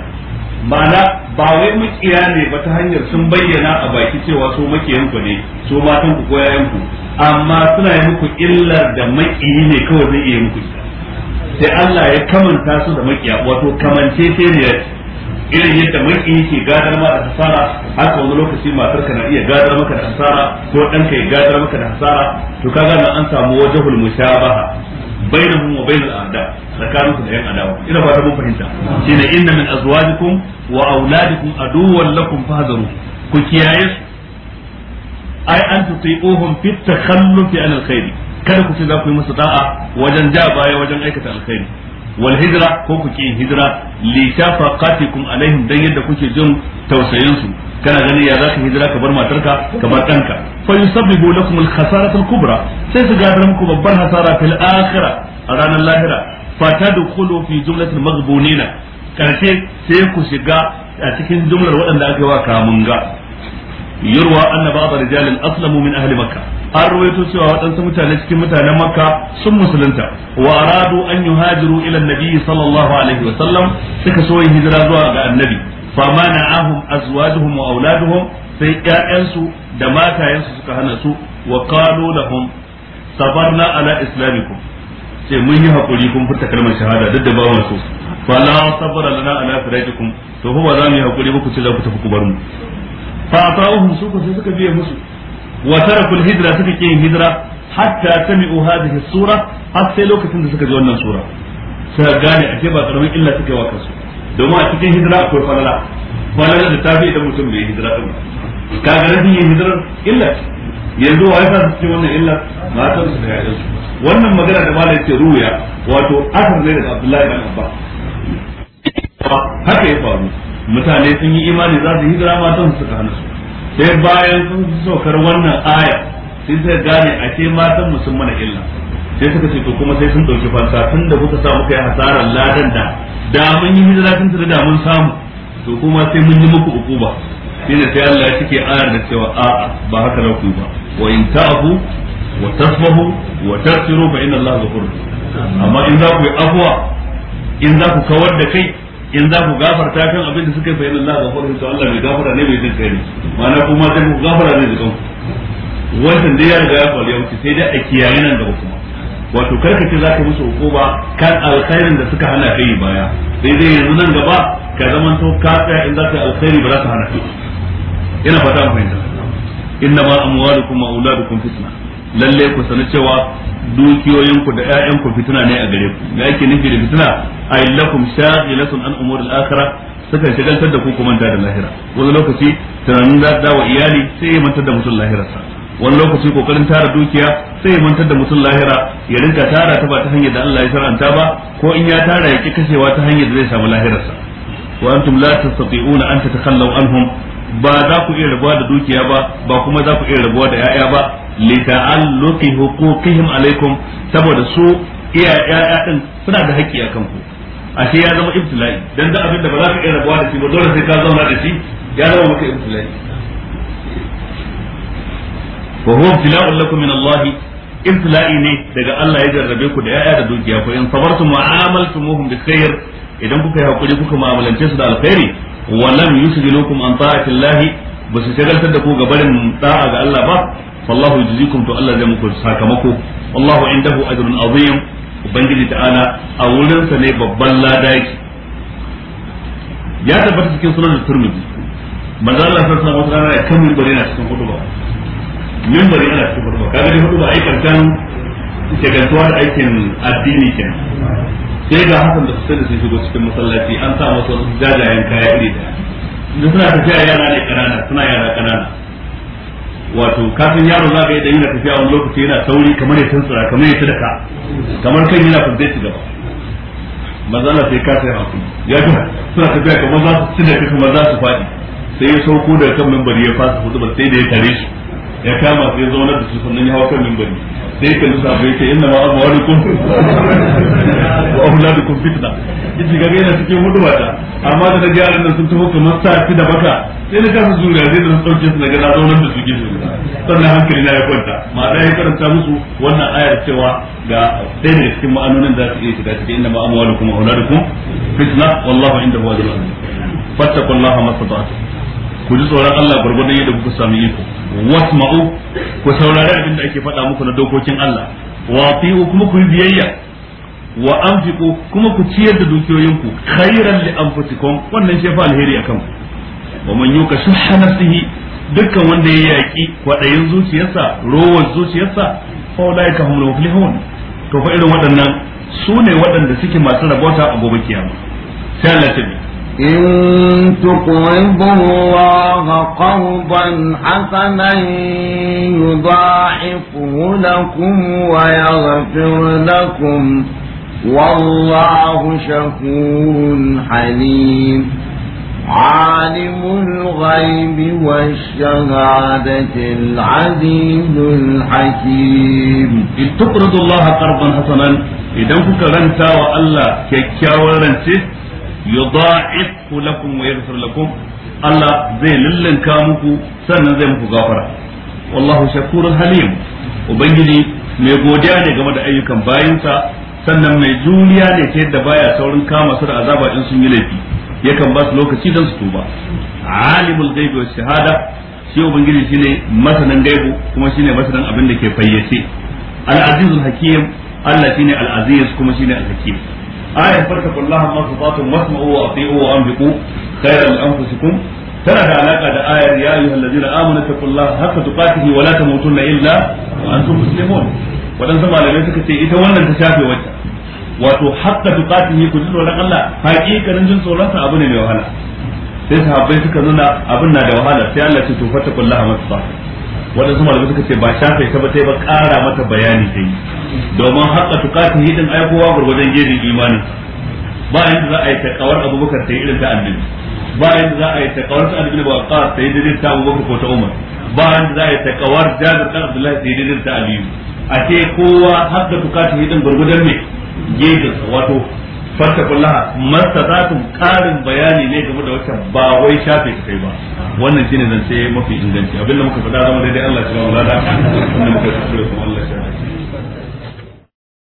ma'ana ba wai mukiya ne ba ta hanyar sun bayyana a baki cewa so makiyan ku ne su matan ku ko yayan amma suna yi muku illar da makiyi ne kawai zai iya muku sai Allah ya kamanta su da makiya wato kamance sai ne irin yadda mai yake gadar ma da hasara haka wani lokaci ka na iya gadar maka da hasara ko ɗanka ya gadar maka da hasara to ka nan an samu wajhul mushabaha bainahum wa bainal a'da tsakaninku da yan adawa ina ba ta mun fahimta shine inna min azwajikum wa auladikum aduwwan lakum fahzaru ku kiyaye su ai an tuti'uhum fi takhallufi an alkhairi kada ku ce za ku yi musu da'a wajen ja baya wajen aikata alkhairi wal hijira ko ku ki hijra kati shafaqatikum alaihin dan yadda kuke jin tausayin su kana gani ya zaka hijira ka bar matarka ka bar danka fa bula lakum al kubra sai su gadar muku babbar hasara fil akhirah a ranar lahira fatadkhulu fi jumlatil maghbunina karshe sai ku shiga a cikin jumlar waɗanda aka yi wa kamunga yurwa anna ba'd rijalin aslamu min ahli an ruwaito cewa waɗansu mutane cikin mutanen makka sun musulunta wa aradu an yuhajiru ila annabi sallallahu alaihi wa sallam suka so yin hijira zuwa ga annabi ahum azwajuhum wa auladuhum sai ƴaƴansu da matayensu suka hana su wa qalu lahum sabarna ala islamikum sai mun yi hakuri kun furta kalmar shahada duk da ba su fa la sabara lana ala firajikum to huwa ba za mu yi hakuri ba ku ce za ku tafi ku bar mu fa ata'uhum su ku sai suka biye musu wa tarakul hijra suka ke hijira hatta sami'u hadhihi sura har sai lokacin da suka ji wannan sura suka gane a ce ba karamin illa suka yi wa kansu domin a cikin hijira akwai falala falala mutum illa yanzu wa yasa su wannan illa matan su da yayin su wannan magana da malai ce ruya wato asar ne daga Abdullahi bin Abbas haka ya faru mutane sun yi imani za su hijira matan su suka hana su sai bayan sun saukar wannan aya sai suka gane a ce matan musamman illa sai suka ce to kuma sai sun ɗauki fansa tun da kuka sa muka yi hasarar ladan da da mun yi hijira tun da da mun samu to kuma sai mun yi muku ukuba da sai Allah ya cike ayar da cewa a'a ba haka za ku ba wa in ta'fu wa tasfahu wa tasiru fa inna Allah ghafur amma in za ku yi afwa in za ku kawar da kai in za ku gafarta kan abin da suka yi bayan Allah gafaru su Allah mai gafara ne mai jin kai ma'ana kuma sai ku gafara ne da kanku Wancan dai ya riga ya faru ya wuce sai dai a kiyaye nan gaba kuma wato karka ce zaka musu hukuma kan alkhairin da suka hana kai baya sai dai yanzu nan gaba ka zama to ka tsaya in za ka yi alkhairi ba za ka hana kai ina fata mu fahimta inna ma amwalukum wa auladukum fitna lalle ku sani cewa dukiyoyinku da 'ya'yanku fitina ne a gare ku da yake nufi da fitina ay lakum shaghilatun an umur al-akhirah shagaltar da ku ku manta da lahira wani lokaci tunanin da dawa iyali sai ya da mutum sa wani lokaci kokarin tara dukiya sai ya da mutum lahira ya rinka tara ta ba ta hanyar da Allah ya saranta ba ko in ya tara ya ki kashewa ta hanyar da zai samu lahirarsa wa antum la tastati'una an tatakhallaw anhum ba za ku iya rabuwa da dukiya ba ba kuma za ku iya rabuwa da 'ya'ya ba li ta'alluqi huquqihim alaikum saboda su iya ya'ya suna da haƙƙi akan ku ashe ya zama ibtila'i dan da abin da ba za ka iya rabuwa da shi ba dole sai ka zauna da shi ya zama maka ibtila'i wa huwa ne daga Allah ya jarrabe ku da ya'ya da dukiya ko in sabartum wa amaltumuhum bi idan kuka yi hakuri kuka mu'amalance su da alkhairi wa lam yusghilukum an ta'ati Allah ba su shagaltar da ku ga barin da'a ga Allah ba wallahu yujzikum to Allah zai muku sakamako wallahu indahu ajrun azim ubangiji ta'ala a wurin sa ne babban lada yake ya tabbata cikin sunan turmiji manzo Allah sallallahu alaihi wasallam ya kamar bare na cikin hutuba min bare na cikin hutuba kaga dai hutuba ai kankan da aikin addini kenan sai ga hakan da su da sun shigo cikin masallaci an sa masa jajayen kaya iri da suna tafiya yara ne kanana suna yara kanana wato kafin yaro za ka yi dan yana tafiya wani lokaci yana sauri kamar ya tantsura kamar ya sadaka kamar kan yana fuzai ci gaba maza na sai ka sai hakuri ya ga suna tafiya kamar za su tunda ka kamar za su faɗi sai ya sauko daga kan mimbari ya fasa hudu sai da ya tare su ya kama sai ya zauna da su sannan ya hawa kan mimbari sai ya kalli sahabbai ce inna ma amwalukum wa auladukum fitna yace ga yana cikin hudu ta amma da naji annan sun tafi kuma sa da baka sai na kasa zuriya zai da na sauke su daga na zaunar da su gizo sannan hankali na ya kwanta ma ma'ana ya karanta musu wannan ayar cewa ga ɗaya ne cikin ma'anonin za su iya shiga cikin da kuma hula da auladukum fitna wallahu inda da indahu ajrun fattaqullaha mastata'tum ku ji tsoron Allah gurgurdan yadda kuka sami iko wasma'u ku saurari abin da ake faɗa muku na dokokin Allah wa fi'u kuma ku yi biyayya wa amfiku kuma ku ciyar da dukiyoyinku khairan li anfusikum wannan shi alheri akan ku wa man yuka shuhha nafsihi dukkan wanda ya yaki kwadayin zuciyarsa rowar zuciyarsa fa ulaika humul muflihun to fa irin waɗannan su ne waɗanda suke masu rabota a gobe kiyama sai Allah إن تقرضوا الله قرضا حسنا يضاعفه لكم ويغفر لكم والله شكور حليم عالم الغيب والشهادة العزيز الحكيم إن تقرضوا الله قرضا حسنا إذا كنت رنتا وألا كيكاوى رنتي yudha'ifhu lakum wa yaghfir lakum Allah zai lullanka muku sannan zai muku gafara wallahu Shakurar halim ubangiji mai godiya ne game da ayyukan bayansa sannan mai juriya ne ta yadda baya saurin kama su da azaba in sun yi laifi yakan ba su lokaci don su tuba alimul gaibi shahada shi ubangiji shine masanin gaibu kuma shine masanin abin da ke fayyace al-azizul hakim Allah shine al-aziz kuma shine al ayat fattakullaha ma tutatun wasma'u wa ati'u wa anfiqu khayran li anfusikum tana da alaka da ayar ya ayyuhal ladzina amanu taqullaha haqqa tuqatihi wa la tamutunna illa wa antum muslimun wadansu malamai suka ce ita wannan ta shafe wacce wato haqqa tuqatihi ku ji tsoron Allah hakikanin jin tsoron sa abu ne mai wahala sai sahabbai suka nuna abin na da wahala sai Allah ya ce to fattakullaha ma tutatun waɗansu malamai suka ce ba shafe ta ba sai ba kara mata bayani ta yi domin haƙa tukatun hidin aikowa gwargwadon gejin imanin ba a yadda za a yi takawar abubakar ta yi irin ta annabi ba a yadda za a yi takawar ta annabi ba ƙara ta yi dirin ta abubakar ko ta umar ba a yadda za a yi takawar jabir ta abdullahi ta yi dirin ta aliyu a ce kowa haƙa tukatun hidin gwargwadon ne gejinsa wato fattakullaha mastata'tum karin bayani ne game da wacce ba wai shafe ta kai ba wannan shine zan sai mafi inganci abinda muka faɗa zama daidai Allah ya ba mu lada inda muka tsoro kuma Allah ya